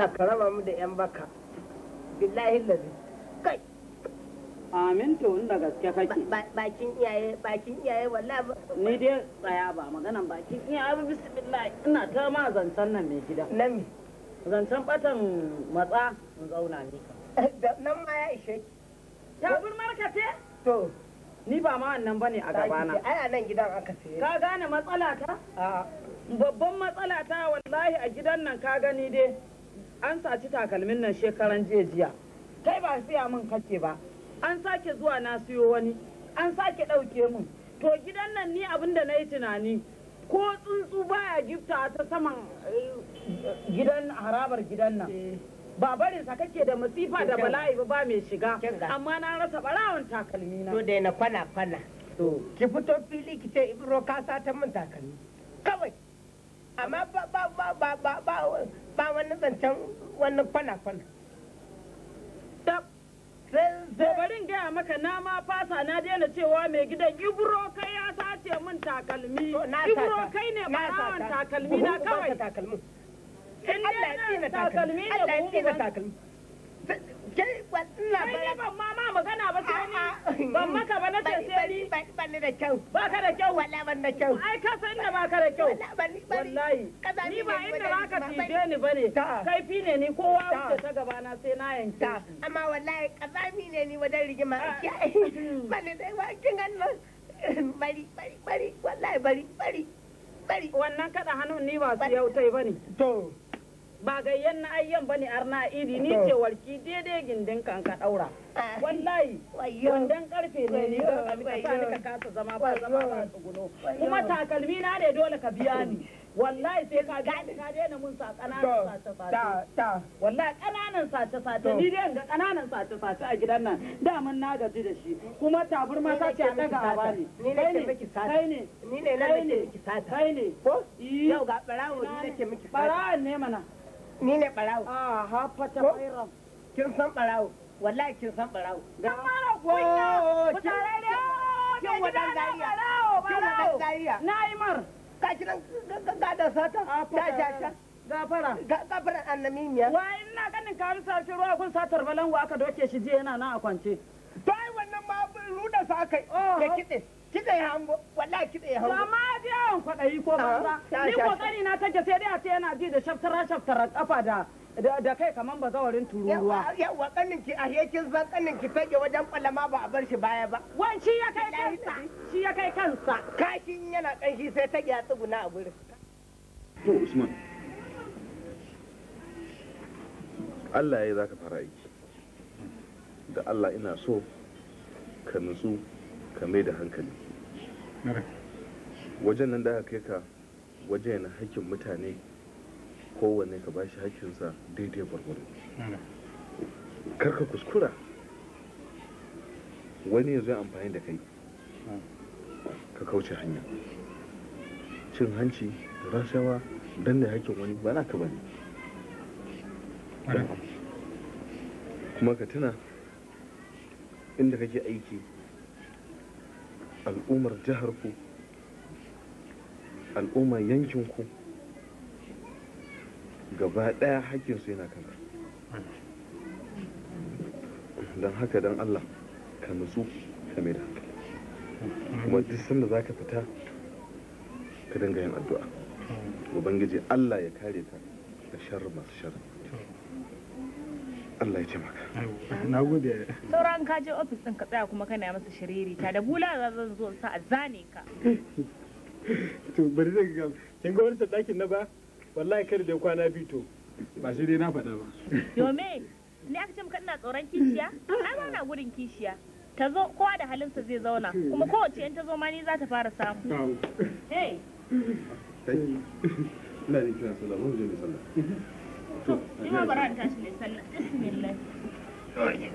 Speaker 1: Allah ka raba mu da yan baka billahi lazi kai amin to inda gaske kake
Speaker 2: bakin iyaye bakin iyaye
Speaker 1: wallahi ni dai tsaya ba maganan bakin iyaye ba bismillah ina ta ma zancan nan mai gida na zancan batan matsa in zauna ni eh, nan ma ya ishe ta gun markate to ni ba ma wannan bane a gabana ai a nan gidan aka saye ka gane matsala ta babban matsala ta wallahi a gidan nan ka gani dai an saci takalmin nan shekaran jiya jiya kai ba siya min kake ba an sake zuwa na siyo wani an sake ɗauke mun to gidan nan ni abin da na yi tunani ko tsuntsu baya gifta ta saman eh, gidan harabar gidan nan eh. ba barinsa kake da masifa da bala'i ba mai shiga amma na rasa barawan takalmi na to dai na kwana kwana ki fito fili ki ce ibro ka ta min takalmi kawai amma ba ba ba ba ba ba ba wani zancen wani kwana-kwana Gobarin gaya maka na ma fasa na daina cewa mai gida. ibro kai ya sace min takalmi. Ibro kai ne barawan takalmi na kawai. takalmi. Allah ya tsina takalmi. Allah ya tsina takalmi. Kai ban ba. Kai ban ma ma magana ba sai ni. Ban maka ba na ce sai ni. Ban ni da kyau. Ba ka da kyau. Wala ban da kyau. Ai ka san inda ba ka da kyau. Wallahi. Ni ba inda ba ka tije ni ba ne. Kaifi ne ni kowa wuce ta gaba na sai na yanke. Amma wallahi kazami ne ni wajen rigima. Ban da wa kin gannan. Bari bari bari wallahi bari bari. Wannan kada hannun ni ba su yautai ba ne. To. ba gayyan na ayyan bane arna iri ni ce warki daidai gindin kan ka daura ah. wallahi wandan karfe ne ni ga ka sa ni ka kasa zama ba zama ba tsuguno kuma takalmi na ne dole ka biya ni wallahi sai ka ga ka daina mun sa kananan sace sace wallahi kananan sace sace ni dai ga kananan sace sace a gidan nan da mun na gaji da shi kuma ma ta ce daga awa ne ni ne ke miki kai ne
Speaker 4: ni ne na ke miki
Speaker 1: sata kai ne ko yau ga barawo ne ke miki sata barawo ne mana ni ne barawo a ah, hafata bayram kin san barawo wallahi kin san barawo ga barawo ko oh, kin
Speaker 4: kin wadan dariya kin wadan dariya na yi mar
Speaker 1: ka kiran ga da sata ah, ta ta gafara gafara annamimiya wa ina ganin ka rusa shi ruwa kun satar wa aka doke shi jiya yana nan a kwance to ai wannan ma ruda sa kai ke oh, kitse kitse ya hango wallahi kitse ya hango ba ma ji yawan kwaɗayi ko ah, banza ni kokari na take sai dai a ce yana ji da shaftara shaftara kafa da da kai kaman ba zawarin tururuwa yawa kanin ki a yakin zan kanin ki fage wajen kwalama ba a bar shi baya ba wan shi ya kai kansa shi ya kai kansa kashin yana kanshi sai ta ya tsuguna a gurin
Speaker 6: to usman Allah ya yi za ka fara aiki da Allah ina so ka nutsu ka mai da hankali wajen nan da aka kai ka wajen na hakkin mutane kowanne ka bashi hakkinsa daidai barbaro kar ka kuskura wani yanzu amfani da kai ka kauce hanya cin hanci da rashawa don da hakkin wani ba na ka ne. kuma ka tuna inda kake aiki al'ummar jiharku al'ummar yankinku gaba ɗaya haƙƙinsu yana kanka don haka don allah ka nutsu ka mai da hankali kuma duk sanda za ka fita ka dinga yin addu'a ubangiji allah ya kare ta da shar masu shar
Speaker 3: allah ya taimaka na gode
Speaker 1: sauran ka je ofis din ka tsaya kuma kana masa shiriri ta da bula za zan zo sa a zane ka
Speaker 3: to bari zai ga kin ga wannan dakin na ba wallahi kar da kwana biyu to ba shi dai na faɗa ba
Speaker 1: yo me ni aka ce maka ina tsoron kishiya ai ba na gudun kishiya ta zo kowa da halinsa zai zauna kuma kowace yan ta zo ma ni za ta fara samu hey
Speaker 6: ina ne kira sallah mun je mu sallah to ina bara
Speaker 1: tashi ne sallah bismillah To, Usman,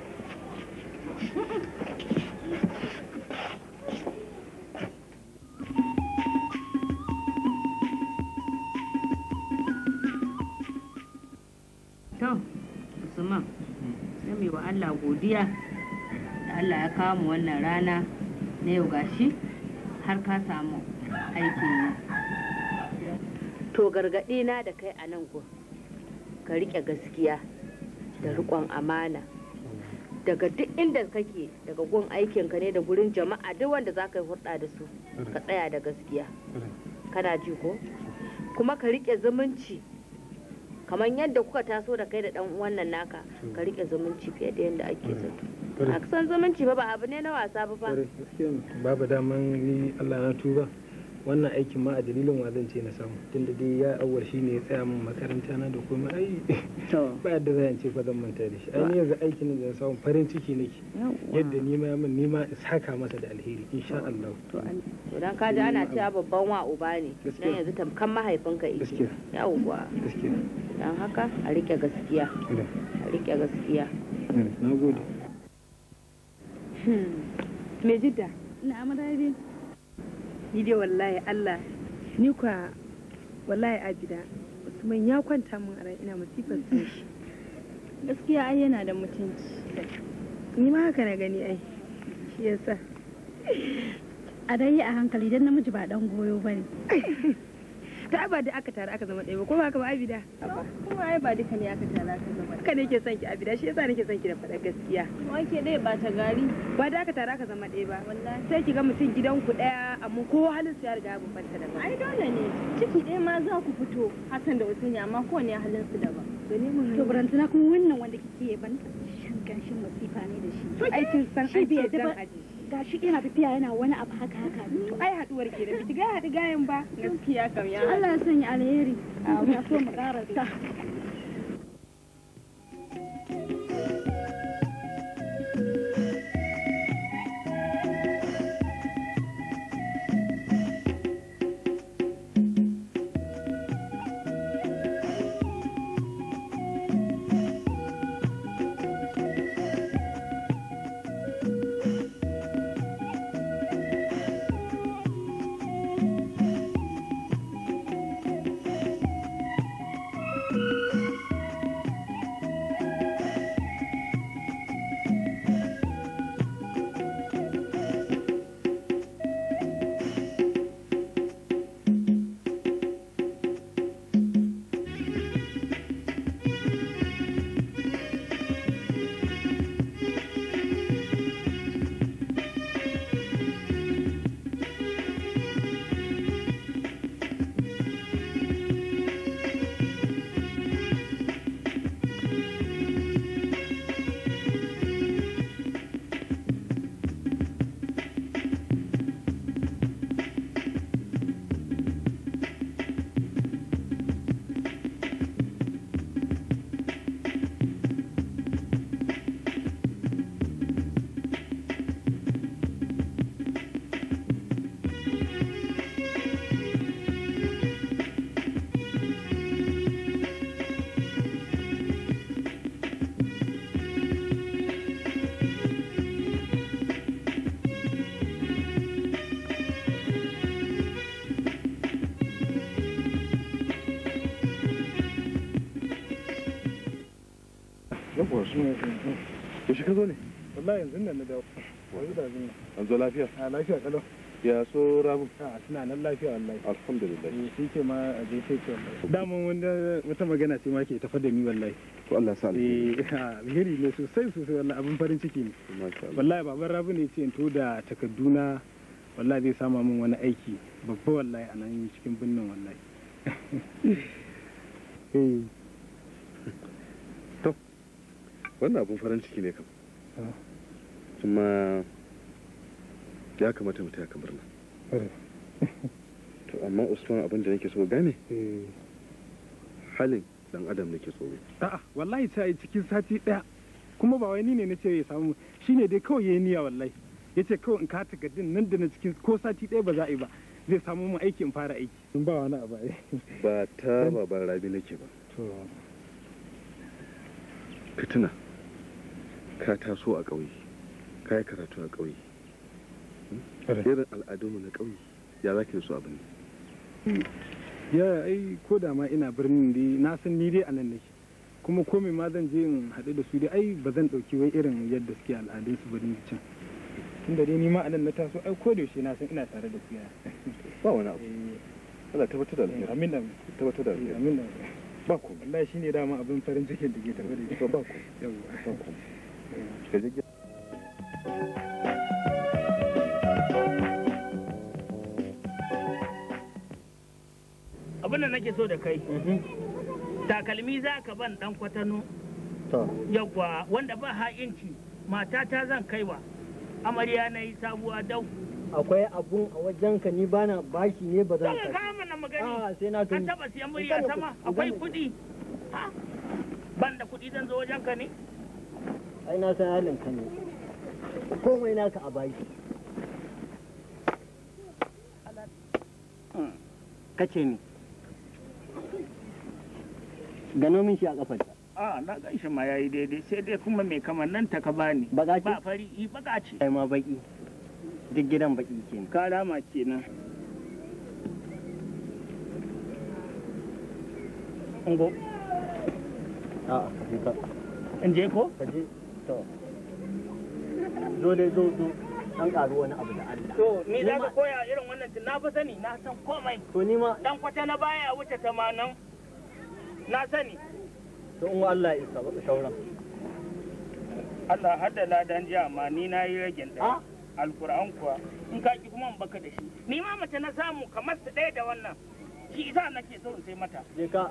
Speaker 1: sai Allah godiya da Allah ya kawo mu wannan rana na yau gashi har ka samu aikin yi. To gargaɗi na da kai a nan gun, ka riƙe gaskiya da riƙon amana. daga duk inda kake daga gun aikinka ne da gurin jama'a duk wanda za ka yi hurɗa da su ka tsaya da gaskiya kana ji ko kuma ka riƙe zumunci kamar yadda kuka taso da kai da ɗan wannan naka ka riƙe zumunci fiye da yadda ake zato a san zumunci ba ba abu ne na wasa ba ba
Speaker 3: babu daman ni Allah na tuba wannan aikin ma a dalilin wa zan ce na samu tunda dai ya awar shi ne ya tsaya min makaranta na da kuma ai ba yadda zan ce fa zan manta da shi ai yanzu aikin da samu farin ciki nake yadda ni ma min ni ma saka masa da
Speaker 1: alheri insha Allah to dan kaji ana cewa babban wa uba ne dan yanzu tamkan mahaifinka yake yawwa gaskiya dan haka a rike gaskiya a rike gaskiya nagode hmm. me jidda na amara ni dai wallahi Allah ni kwa wallahi abida usman ya kwanta mun a ina masifar sun gaskiya ai yana da mutunci ni ma haka na gani ai shi yasa a dai a hankali dan namiji ba dan goyo bane ta ba da aka tara aka zama ɗaya ba ko haka ba abida kuma ai ba duka ne aka tara aka zama haka ne ke son ki abida shi yasa nake son ki da faɗa gaskiya wake dai ba ta gari ba da aka tara aka zama ɗaya ba wallahi sai ki ga mutum gidan ku ɗaya amma kowa halin su ya riga ya bambanta daban ai dole ne ciki ɗaya ma za ku fito hasan da usaini amma kowane halin su daban to barantana kuma wannan wanda kike ban shan ganshin masifa ne da shi aikin san aikin dan aji gashi ina tafiya yana wani abu haka haka to ai haduwar ke da biki ga haɗu gayan ba gaskiya kam ya Allah ya sanya alheri a so mu karasa
Speaker 6: ta zo ne wallahi yanzu nan na dawo yanzu da zan an zo lafiya a
Speaker 3: lafiya kalau ya so rabu a suna nan lafiya wallahi alhamdulillah eh, shi ke ma a je ce ce wallahi damun wanda wata magana ce ma ke tafa da ni wallahi to Allah sa alheri eh, alheri ne sosai sosai wallahi abin farin ciki ne wallahi baban rabu ne ce to da takadduna wallahi zai sama min wani aiki babba wallahi a nan cikin binnin wallahi eh.
Speaker 6: to wannan abin farin ciki ne kam kuma ya kamata mu taya kamar
Speaker 3: nan
Speaker 6: to amma usman abin da nake so gane eh. halin dan adam nake tsoro
Speaker 3: a'a wallahi sai cikin sati daya kuma ba wai ni ne ce ya samu shine dai kawai yayi niyya wallahi yace kawai in ka takardun nan da na cikin ko sati daya ba za a yi ba zai samu mu aiki in fara aiki in ba wani abu
Speaker 6: ba ta baban rabi nake ba to ka tuna ka taso a ƙauye ka yi karatu a ƙauye irin al'adunmu na ƙauye ya za ki da su abin
Speaker 4: ya
Speaker 3: ai ko da ma ina birnin dai na san ni dai a nan nake kuma komai ma zan je in haɗu da su dai ai ba zan ɗauki wai irin yadda suke al'adun su birnin can tunda dai ni ma a nan na taso ai ko da yaushe na san ina tare da su ya ba wani abu Allah eh. tabbatar da alheri eh, amin amin tabbatar da alheri eh, amin amin ba ku wallahi shine dama abin farin cikin da ke tabbata ba ku yawa ba ku
Speaker 1: abin da nake so da kai mhm. takalmi za ka ban dan kwatano yawwa wanda ba ha'inci mata ta zan kaiwa amarya na yi sabuwa dau
Speaker 5: akwai abun a wajen ka ni bana baki ne ba zan ka kama
Speaker 1: na magani ah, sai na tuni ka taba siyan murya sama akwai kudi ban da kudi zan zo wajen ka ne
Speaker 5: ai na san halin ka ne komai naka a baki hmm. kace ni
Speaker 7: gano min shi a ta
Speaker 1: a na shi ma yayi daidai sai dai kuma mai kamar nan ta ka bani ba fari i baka ce ai ma baki duk gidan baki kenan ka rama kenan ungo a ka je ko ka je zo dai zo zo an karu wani abu da Allah to ni za ka koya irin wannan na fi sani na san komai to ni ma dan kwata na baya wuce 80 na sani to in Allah ya isa ba shauran Allah hadda ladan jiya amma ni na yi ragin da alkur'an kuwa in ka ki kuma baka da shi ni ma mace na samu kamar su ɗaya da wannan shi isa nake so
Speaker 4: in sai mata je ka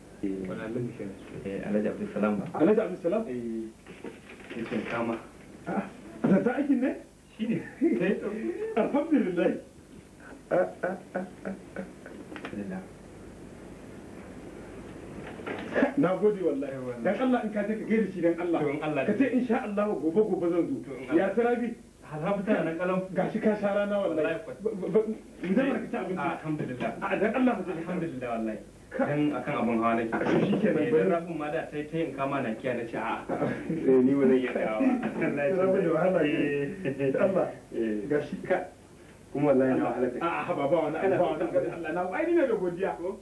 Speaker 3: Eh, alhaji abdulsalam ba alhaji abdulsalam eh, kama ah, ne ah, ah, na gode eh, wallahi dan Allah in ka je ka gaida shi dan Allah ka ce insha Allah gobe gobe zan zo ya sarabi harafi nan kalam gashi ka sha rana wallahi idan ka ci abinci alhamdulillah dan Allah alhamdulillah wallahi kan akan abin hawa nake shi ke nan bari rafin ma da sai ta yin kama na kiya na ce a eh ni ba zan iya tsayawa rabu da wahala ne eh. Allah eh. ga shi ka kuma wallahi na wahala a a ba ba wani ba wani Allah na ai ni ne da godiya ko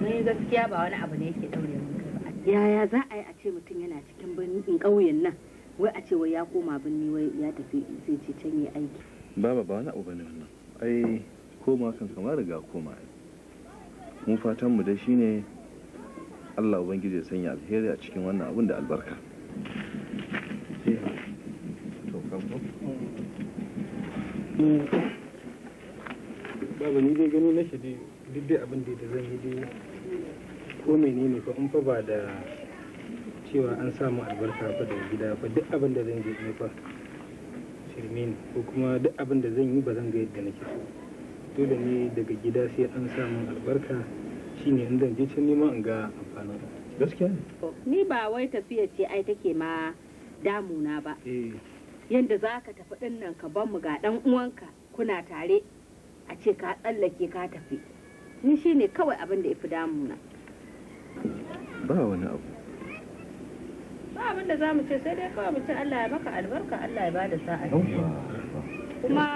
Speaker 1: ni gaskiya ba wani abu ne yake daure yaya za a yi a ce mutum yana cikin birnin ƙauyen nan wai a ce wai ya koma birni wai ya tafi zai ce can yi aiki
Speaker 6: baba ba wani abu bane wannan ai koma kan kama riga koma mun fatan mu da shine Allah ubangiji ya sanya alheri a cikin wannan abun da albarka
Speaker 3: baba ni dai gani na shi dai duk dai abin da zan yi dai ko menene fa in fa ba da cewa an samu albarka fa da gida fa duk abin da zan je ne fa shirme ne ko kuma duk abin da zan yi ba zan ga yadda nake so dole ne daga gida sai an samu albarka shine in zan je can neman in ga amfanin gaskiya ne
Speaker 1: ni ba wai tafiya ce ai take ma damuna ba eh. yadda za ka tafi ɗin nan ka ban mu ga ɗan uwanka kuna tare a ce ka tsallake ka tafi ni shine kawai abin da ya fi damuna
Speaker 7: ba wani abu
Speaker 1: ba abin da za mu ce sai dai kawai ce Allah ya maka albarka Allah ya bada sa'a kuma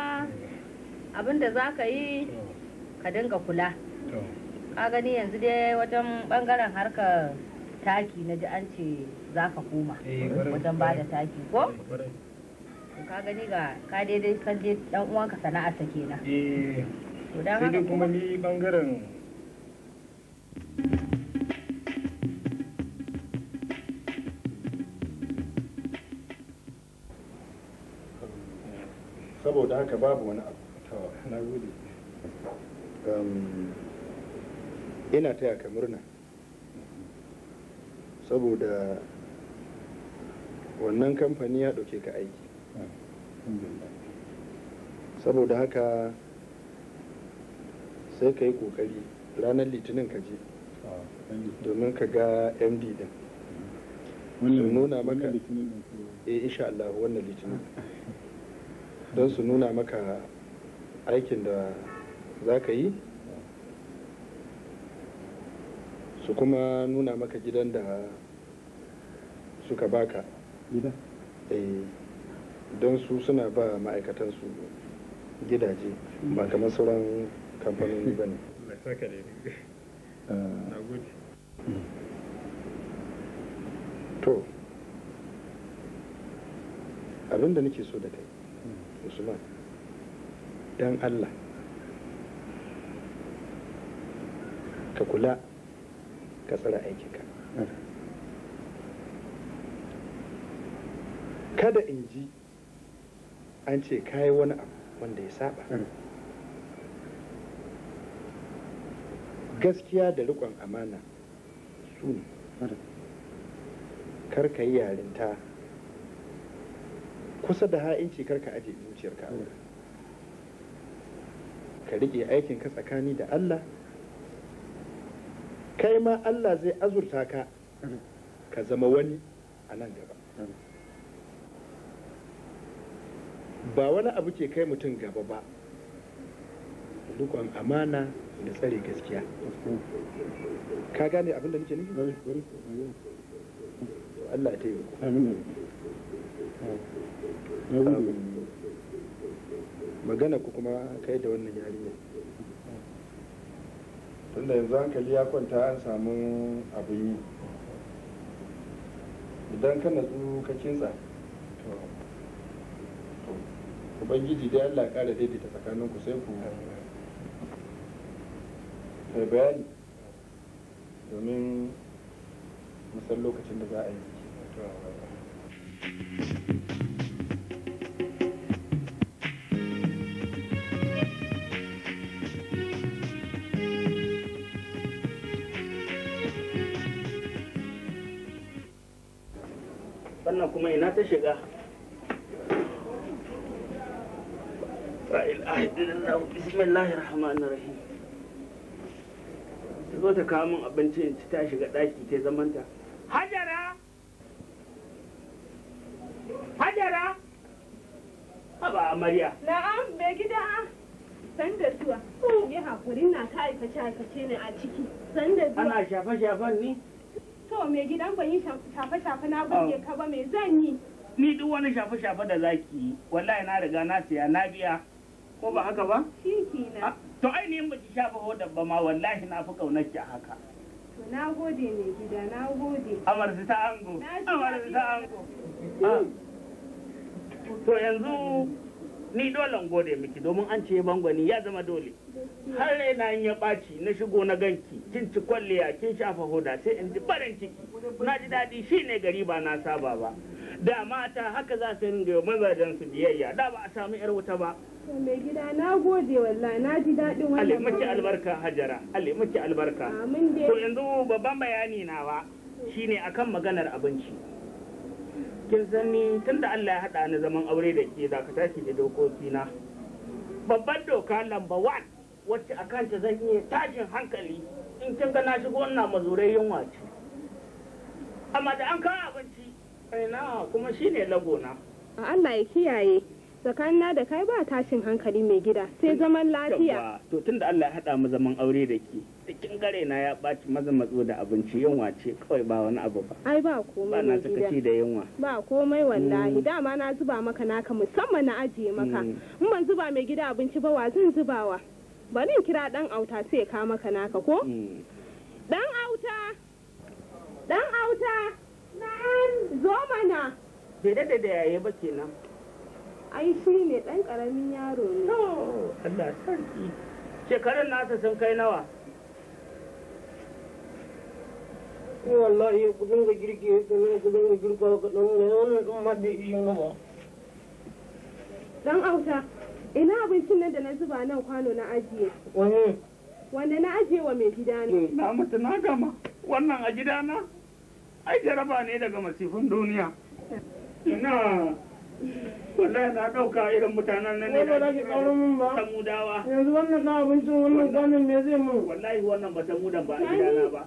Speaker 1: abin da za ka yi ka dinga kula ka gani yanzu dai wajen bangaren harkar taki na ji an ce za ka koma eh, wajen ba da taki ko
Speaker 3: eh,
Speaker 1: ka gani ga ka daidai kan je dan uwanka sana'ar ta kenan
Speaker 3: eh to dan kuma ni bangaren
Speaker 8: saboda haka babu wani abu na gode ina taya ka murna saboda wannan kamfani ya dauke ka aiki ah, saboda haka sai ka yi ƙoƙari ranar litinin ka je ah, domin ka ga md
Speaker 9: din nuna
Speaker 8: maka e insha Allah wannan litinin don su nuna maka aikin da za ka yi su kuma nuna maka gidan da suka baka eh, don su suna ba ma'aikatansu gidaje ba kamar sauran kamfanoni ba ne ah. to abinda nake so da kai usman don allah ka kula ka tsara aikinka kada in ji an ce kayi wani abu wanda ya saba gaskiya da rikon amana su ne karka yi yarinta kusa da ha'inci kar karka aje zuciyarka a ka riƙe aikinka tsakani da Allah kai ma Allah zai azurta ka ka zama wani a nan gaba ba wani abu ke kai mutum gaba ba dukkan amana da tsare gaskiya ka gane abinda nake nufi Allah ya taimako magana ku kuma kai da wannan yarinya tunda yanzu hankali ya kwanta an samu abin yi idan ka natsu ka kinsa Ku ubangiji dai Allah ƙara daidaita tsakanin ku sai ku kai bayani domin musan lokacin da za a yi Thank you.
Speaker 1: ta shiga
Speaker 4: bismillahir
Speaker 1: rahmanir rahim ta zo ta kawo min abinci in ci ta shiga ɗaki ta zamanta hajara hajara haba amarya na'am mai gida san da zuwa ya haƙuri na ta aikace aikace ne a ciki san da zuwa ana shafa-shafan ni to mai gidan ban yi shafa shafa na bayyaka oh. ka ba mai zan yi ni duk wani shafe-shafe da zaki wallahi na riga na siya na biya ko ba haka ba? to ainihin ba ki shafa hodar ba ma wallahi na fi kaunar ki haka to na gode ne gida na gode amarsu ta ango amarsu ta ango to yanzu ni dole gode miki domin an ce mangwani ya zama dole har raina yin ya ɓaci na shigo na ganki kin ci kwalliya kin shafa hoda sai in ji farin ciki na ji daɗi shi ne gari ba na saba ba da mata haka za su ringa yau mazajen su biyayya da ba a samu yar wuta ba
Speaker 10: mai gida na gode wallahi na
Speaker 1: ji daɗin wannan ale miki albarka hajara ale miki albarka to yanzu babban bayani nawa shine akan maganar abinci kin san ni tunda Allah ya haɗa ni zaman aure da ke za ka tashi da dokoki na babban doka lamba 1 wacce a kanta zan iya tashin hankali in kin ga na shigo wannan mazurai yunwa ce amma da an kawo abinci na kuma shine lagona a Allah ya kiyaye tsakanina da kai ba tashin hankali mai gida sai zaman lafiya to tun da Allah ya haɗa mu zaman aure da ke cikin gare na ya ɓaci maza matso da abinci yunwa ce kawai ba wani abu ba ai ba komai mai gida ba na da yunwa ba komai wallahi mm. dama na zuba maka naka musamman na ajiye maka mm. in ban zuba mai gida abinci ba wa zan zubawa bari in kira dan auta sai ka maka naka ko dan mm. auta dan auta na'am zo mana bai dade da yaye ba kenan ai shi ne dan karamin yaro ne to Allah sarki shekarun nasa sun kai nawa ni eh, wallahi ku dinga girki ku dinga girka ka dan ne wannan din ma bai yi ba dan auta ina abincin nan da na zuba nan kwano na ajiye wanda na ajiye wa mai gida ne na mutu na gama wannan a
Speaker 3: gida na ai jaraba ne daga masifin duniya
Speaker 1: ina wallahi na ɗauka irin mutanen nan ne da ke ƙaurin mun ba ta mudawa yanzu wannan na abincin wannan kwanon me zai mun wallahi wannan ba ta mudan ba a gidana ba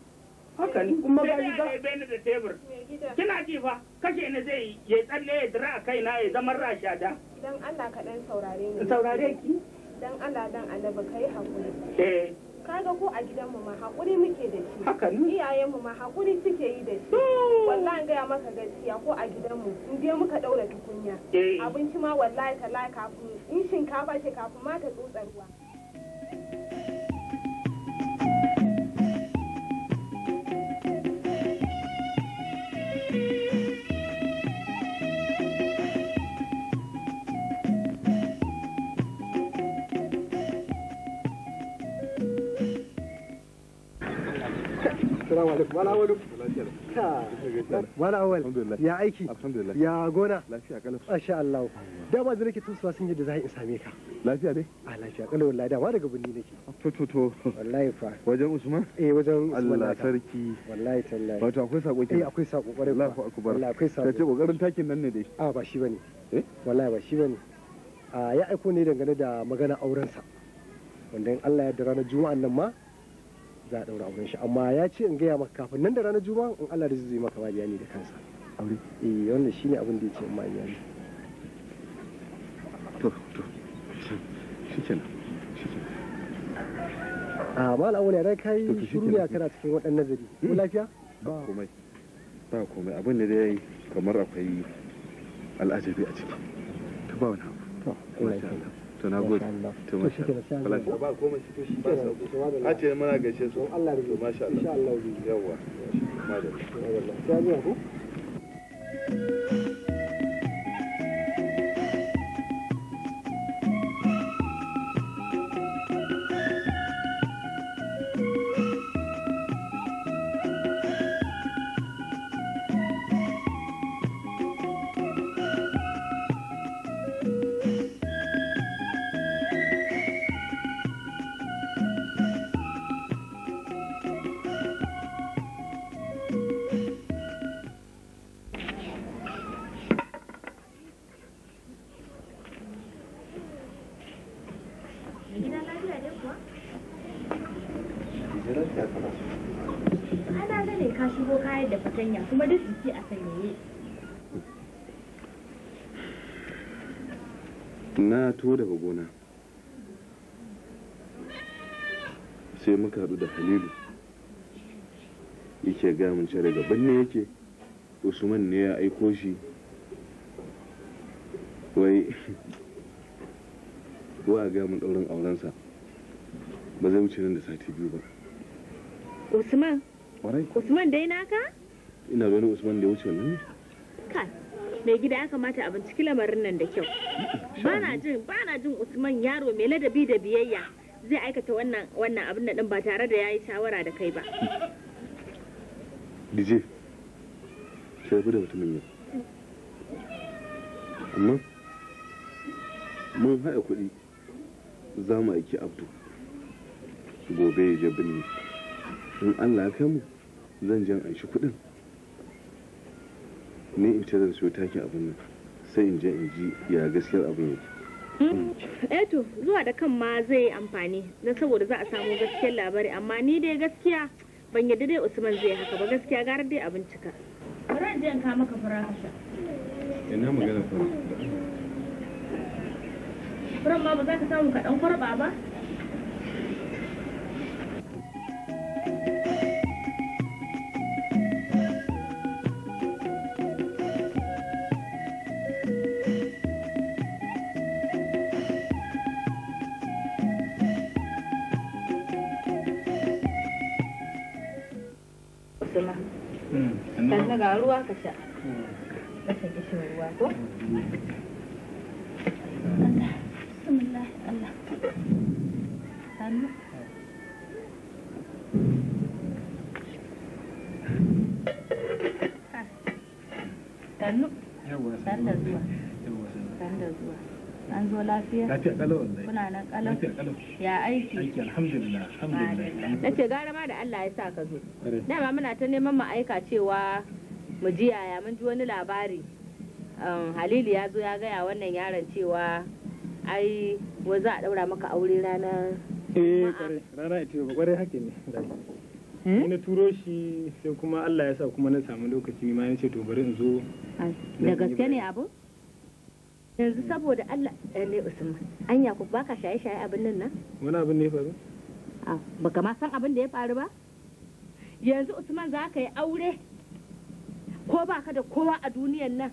Speaker 1: haka ne kuma ba riga sai da tebur kina ji fa kashe ni zai ya tsalle ya dira kai na ya zama rasha da dan Allah ka dan saurare ni saurare ki dan Allah dan annabi kai hakuri eh kaga ko a gidanmu ma hakuri muke da shi haka ne iyayenmu ma hakuri suke yi da shi wallahi gaya maka gaskiya ko a gidanmu in dai muka daura tukunya eh. abinci ma wallahi ta kafin in shinkafa ce kafin ma ta tsotsa ruwa
Speaker 3: Assalamu alaikum. Wala wani. Wala awal. Ya aiki. Alhamdulillah. Ya gona. Lafiya kalau. Allah. Da ba da nake tunsuwa sun da za in same ka. Lafiya dai? A ah, lafiya kalau da
Speaker 6: daga bunni nake. To to to. Wallahi fa. Wajen Usman? Eh wajen Allah sarki.
Speaker 8: Wallahi tallahi. Wato akwai sako kenan. Eh, akwai sako Allahu akbar. akwai sako. Kace kokarin takin nan ne dai. Ah, ba shi
Speaker 3: bane. Eh? Wallahi ba shi bane. Ah, ya aiko ne dangane da magana aurensa. Wanda in Allah ya yarda ranar Juma'an nan ma za a daura auren shi amma ya ce in gaya maka kafin nan da ranar juma in Allah da zai maka ma bayani da kansa aure eh wannan shine abin da ya ce ma iyali
Speaker 6: to to shikenan
Speaker 5: a mal wani ya kai shiru ne kana cikin waɗannan zari ko hmm. lafiya
Speaker 6: ba komai ba komai abin da dai kamar akwai al'ajabi a ciki ta ba wani abu to to na gode
Speaker 4: to masha Allah
Speaker 6: ba komai to shi ba sabo a ce muna gaishe su Allah ya masha Allah insha Allah yawa
Speaker 3: madalla madalla sai ku
Speaker 6: fito daga gona sai muka haɗu da halilu yake gamin cire gaban ne yake usman ne ya aiko shi wai wa gamin ɗaurin aurensa ba zai wuce nan da sati biyu ba
Speaker 1: usman usman dai naka
Speaker 6: ina da usman da ya wuce wannan
Speaker 1: ne mai gida ya kamata a binciki lamarin nan da kyau bana jin bana jin Usman yaro mai ladabi da biyayya
Speaker 2: zai aikata wannan wannan abin da din ba tare da yayi shawara da kai ba
Speaker 6: DJ ke da mutumin ne amma mun haɗa kuɗi za mu aiki abdu gobe ya je birni in allah ya kai mu zan jan an shi kuɗin ni in ce zan siyo takin abin nan sai in je in ji ya gaskiyar abin yake
Speaker 1: hmm? eto eh zuwa da kan ma zai amfani don saboda za a samu gaskiyar labari amma ni dai gaskiya ban yadda dai usman zai haka ba gaskiya gara dai abin cika bari in ka maka fara
Speaker 6: ina magana fara
Speaker 1: fara ma ba za ka samu ka dan kwarba ba ga ruwa ka sha rashin ruwa ko An zo lafiya? Kuna nan kalau? Ya aiki?
Speaker 3: alhamdulillah. na Nace gara
Speaker 1: ma da Allah ya sa ka zo. Dama muna ta neman ma'aika cewa mu ji yaya mun ji wani labari um, halilu ya zo ya gaya wannan yaron cewa ai wa za a daura maka aure ranar eh
Speaker 3: ba kwarai hake ne ina hmm? turo shi sai kuma Allah ya sa kuma na samu lokaci ma ya ce to bari in zo da gaske ne
Speaker 1: abu yanzu saboda Allah eh, ne Usman anya ku baka shaye shaye abin nan na wani abin ne ya faru ah, baka ma san abin da ya faru ba yanzu Usman za ka yi aure ko ba ka da kowa a duniyan nan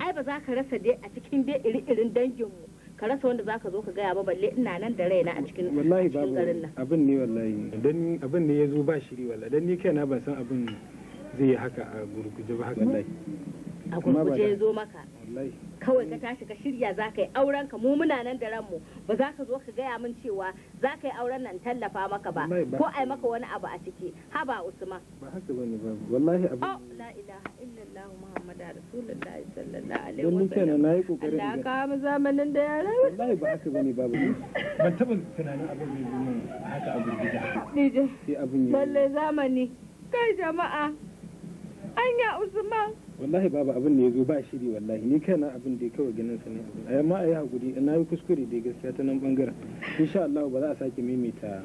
Speaker 1: ai ba za ka rasa dai a cikin dai iri-irin danginmu ka rasa wanda za ka zo ka gaya ba balle ina nan da raina a cikin wallahi babu
Speaker 3: abin ne wallahi dan abin ne ya zo ba shiri wallahi dan ni kaina ban san abin zai haka a gurguje ba haka wallahi a gurguje ya
Speaker 1: zo maka kawai ka tashi ka shirya za ka yi auren ka mu muna nan da ranmu ba za ka zo ka gaya min cewa za ka yi auren nan tallafa maka ba ko ai maka wani abu a ciki haba usman
Speaker 3: ba haka bane ba wallahi abu oh,
Speaker 2: la ilaha illallah muhammadu rasulullahi sallallahu alaihi wasallam don mutane
Speaker 3: na yi kokarin Allah ka
Speaker 1: mu zamanin da yara
Speaker 3: wallahi ba haka bane ba ban taba tunanin abin da yi haka abin da DJ sai abin yi balle
Speaker 1: zamani kai jama'a anya usman
Speaker 3: wallahi babu abin da ya zo ba shiri wallahi ni kaina abin da ya kawai ganin sa ne a yamma a yi hakuri na yi kuskure da gaskiya ta nan bangaren insha Allah ba za a sake maimaita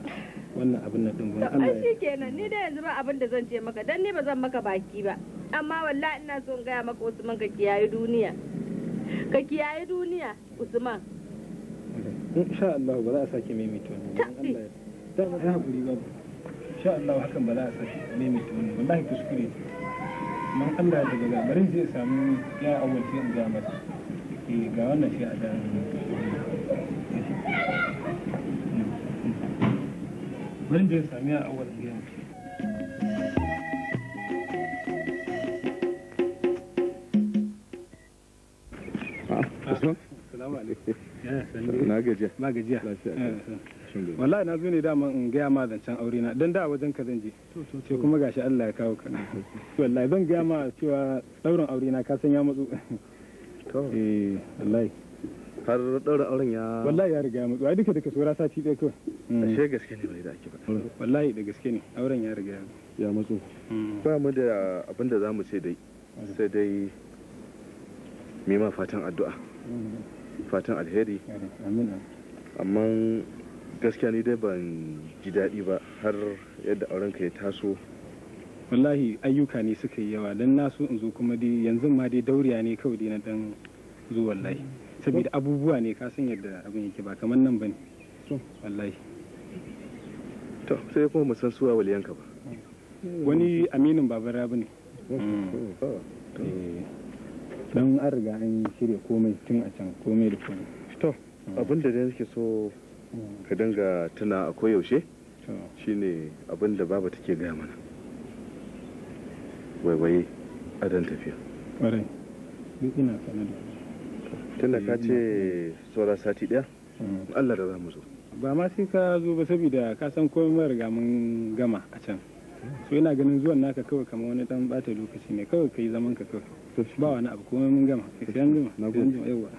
Speaker 3: wannan abin na din ba Allah shi
Speaker 10: kenan ni da yanzu ba abin da zan ce maka dan
Speaker 1: ni ba zan maka baki ba amma wallahi ina son gaya maka Usman ka kiyaye duniya ka kiyaye duniya Usman
Speaker 3: insha Allah ba za a sake maimaita
Speaker 1: wannan
Speaker 4: Allah ya
Speaker 3: da ba hakuri hakan ba za a sake maimaita wannan wallahi kuskure amma Allah ya daga bari zai samu ya awwace in ga mata eh, ga wannan shi a dan bari zai samu ya awwace yanzu
Speaker 6: Assalamu
Speaker 3: alaikum. Na gajiya. Na gajiya. wallahi na zo ne dama in gaya ma zancen aure na dan da wajen ka zan je kuma gashi Allah ya kawo ka wallahi zan gaya ma cewa daurin aure na ka ya matsu ai
Speaker 6: duka
Speaker 3: duka mm. da ake
Speaker 6: ba mu da abin da zamu ce dai sai dai mu fatan addu'a
Speaker 3: mm.
Speaker 6: fatan alheri amma gaskiya
Speaker 3: ni dai ban ji daɗi ba har yadda aurenka ya taso wallahi ayyuka ne suka yi yawa don nasu in zo kuma dai yanzu ma dai dauriya ne kawai dai na dan zo wallahi saboda abubuwa ne ka san yadda abin yake ba kamar nan bane wallahi to sai kuma mu san su a waliyanka ba wani aminin babar rabu ne mm. eh. don an riga an shirya komai tun a can komai da komai to
Speaker 6: abin da nake so Mm. ka dinga tuna a koyaushe shine ne da baba take gaya mana waiwaye don tafiya
Speaker 3: ƙwarai ina da tunda ka ce
Speaker 6: saura sati ɗaya mm. Allah da za mu zo
Speaker 3: ba ma sai ka zo ba saboda ka san komai riga mun gama a can so ina ganin zuwan naka kawai kamar wani dan bata lokaci ne kawai ka yi zaman ka kawai ba wani abu komai mun gama sai an gama sai yawa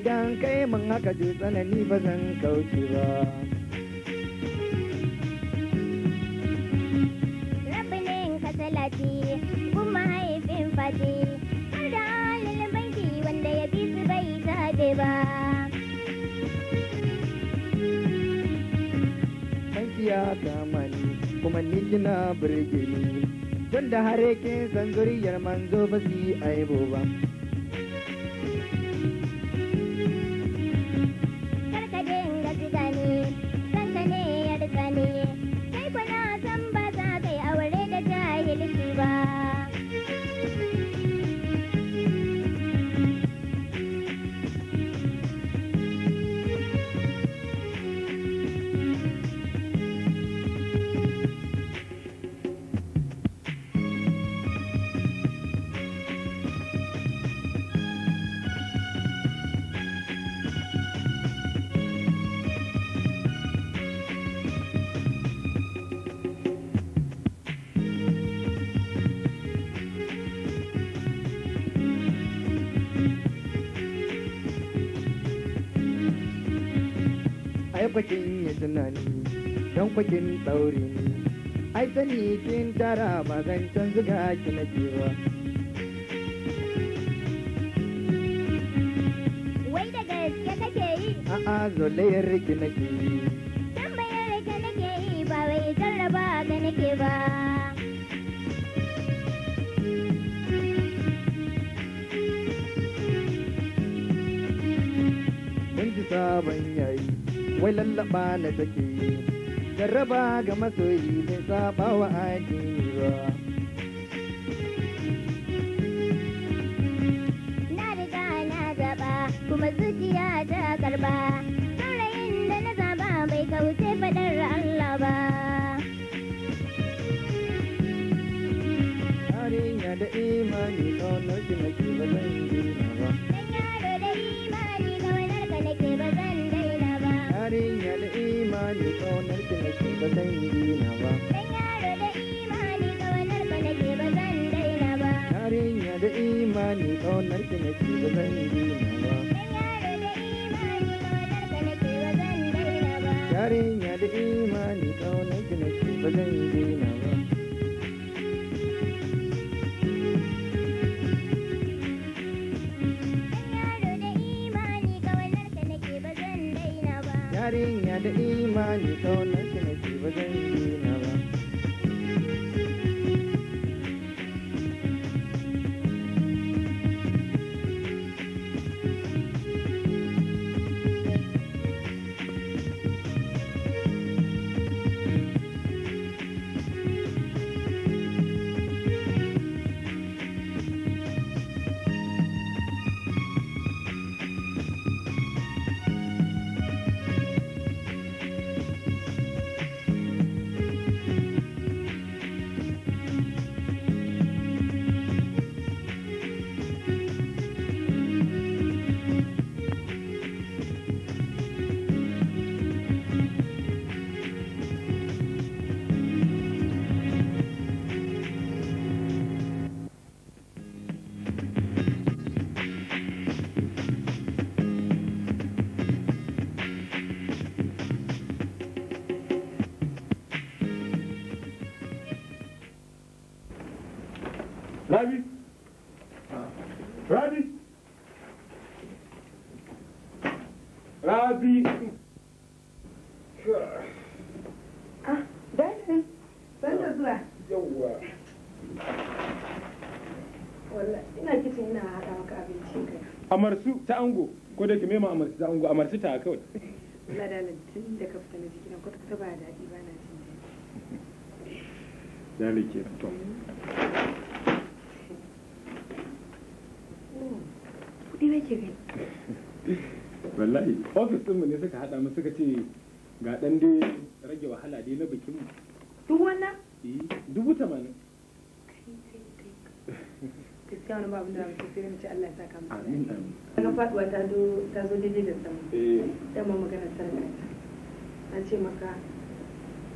Speaker 5: idan kai mun haka ji tsanani ba zan kauce ba
Speaker 9: rabinin ka salati kuma haifin fati har da halin wanda ya bi su bai zabe ba
Speaker 5: banki ya kama kuma ni kina birge don da hare manzo ba su yi aibo ba kwakin ya tunani don kwakin ɗauri ne ai sani kin tara can zuga ki na kewa
Speaker 9: wai daga gaske kake yi
Speaker 5: a'a zolayar ki nake yi lallaba na take jarraba ga masoyi mai saba wa ake Oh, nothing makes you, see the rain.
Speaker 3: amarsu ta ango ko da kime ma amarsu ta ango amarsu ta kawai
Speaker 1: Allah da lantin da ka fita na jikina ko ta ba daɗi
Speaker 2: ba na
Speaker 3: jin daɗi dale ke to
Speaker 2: hmm. kuɗi nake gani
Speaker 3: wallahi ofis ɗinmu ne suka haɗa mu suka ce ga ɗan dai rage wahala dai na bikinmu duk wannan eh, dubu tamanin
Speaker 1: gaskiya wani babu da mutum sai mace Allah ya saka mu amin
Speaker 4: amin
Speaker 1: faduwa ta zo ta zo daidai da sama eh da ma magana sarka an ce maka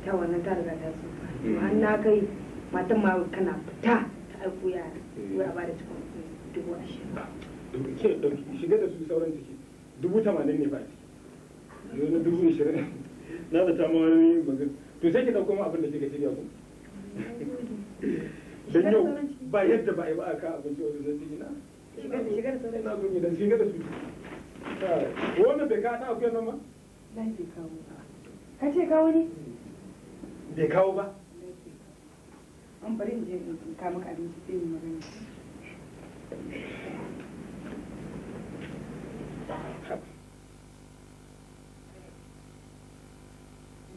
Speaker 1: ta wannan ta riga ta so to mm. har na kai matan ma kana fita ta aiko yara eh. wai a bada cikin dubu ashirin ah,
Speaker 3: ke dauki shiga da su sauran ciki dubu tamanin ne ba ciki yanzu dubu ashirin na da ta ma wani magana to sai ki dauko ma abin da kika shirya ba yadda ba yi ba aka abinci wajen zai jina shiga da sauran ina gunyi da shiga da su
Speaker 1: wannan bai kawo na akwai nan ma bai kawo
Speaker 2: ka ce kawo ne
Speaker 3: bai kawo ba
Speaker 1: an bari in je in kama ka abinci sai in magana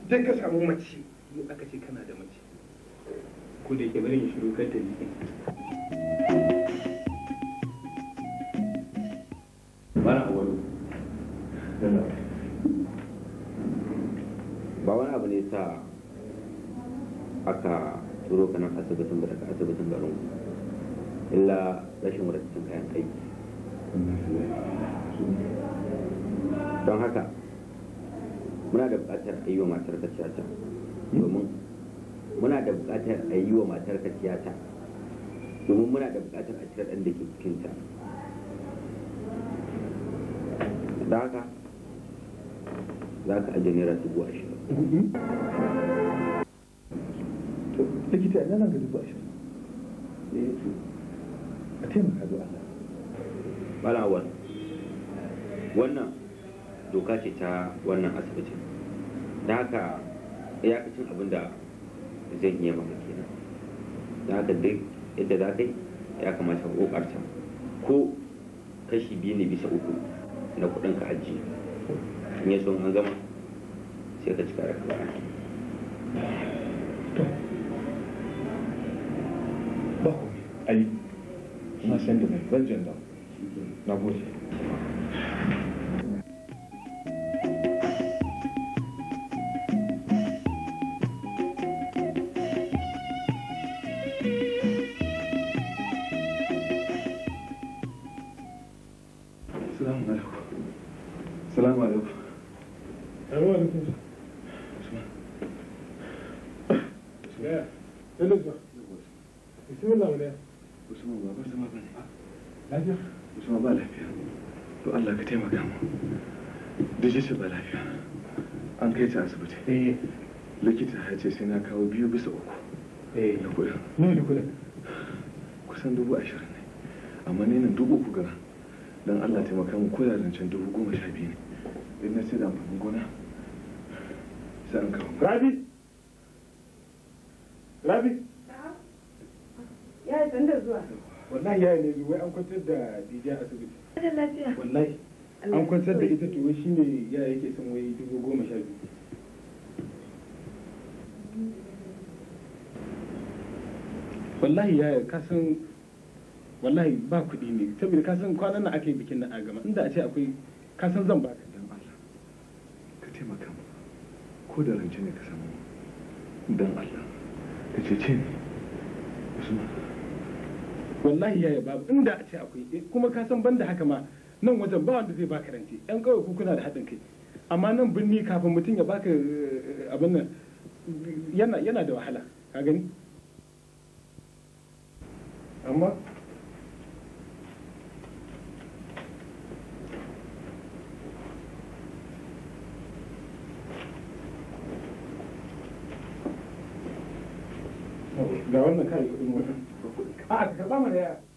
Speaker 3: duk ka samu mace aka ce kana da mace ko da ke barin shiru kan ta jiki bana a wani
Speaker 8: ba wani abu ne sa
Speaker 1: aka turo ka nan asibitin da asibitin garin illa rashin wadatacin kayan aiki don haka muna da bukatar ayyo matar ka tiyata domin muna da bukatar a yi wa matarka tiyata domin muna da bukatar a cire ɗan da ke cikinta da haka za ka ajiye naira dubu
Speaker 3: ashirin
Speaker 6: likita ina nan ga dubu ashirin
Speaker 4: da ya
Speaker 1: a taimaka zuwa Allah balawar wannan doka ce ta wannan asibitin da haka ya cin abin da iya maka kenan da haka duk yadda za ka yi ya kamata ka kokarta ko kashi biyu ne bisa uku na kudin ka ajiye in yaso an gama sai ka cika raka ba
Speaker 6: Ali, na san da ban jan da. Na gode. shi asibiti eh likita ya ce sai na kawo biyu bisa uku eh na ne kuɗin kusan dubu ashirin ne amma ne nan dubu uku gara don Allah taimaka mu ko zancen dubu goma sha biyu ne idan na sai da amfanin gona sai an kawo
Speaker 3: rabi rabi
Speaker 1: ya san da zuwa
Speaker 3: wallahi ya ne wai an kwantar da dijiya
Speaker 1: asibiti wallahi an
Speaker 3: kwantar da ita to shine ya yake son wai dubu goma sha biyu wallahi yi kasan wallahi ba kuɗi ne saboda kasan kwanan na aka yi bikin na agama inda a ce akwai kasan zan baka dan Allah
Speaker 6: ka taimaka mu ko da rance ne ka samu dan Allah ka cece ni
Speaker 3: Usman wallahi yi babu inda a ce akwai eh, kuma kasan banda haka ma nan wajen ba wanda zai baka rance yan kawai ku kuna da haɗin kai amma nan birni kafin mutum ya baka eh, eh, abin nan yana yana da wahala ka gani amma ga wannan kai kudin wannan a ka karba da yaya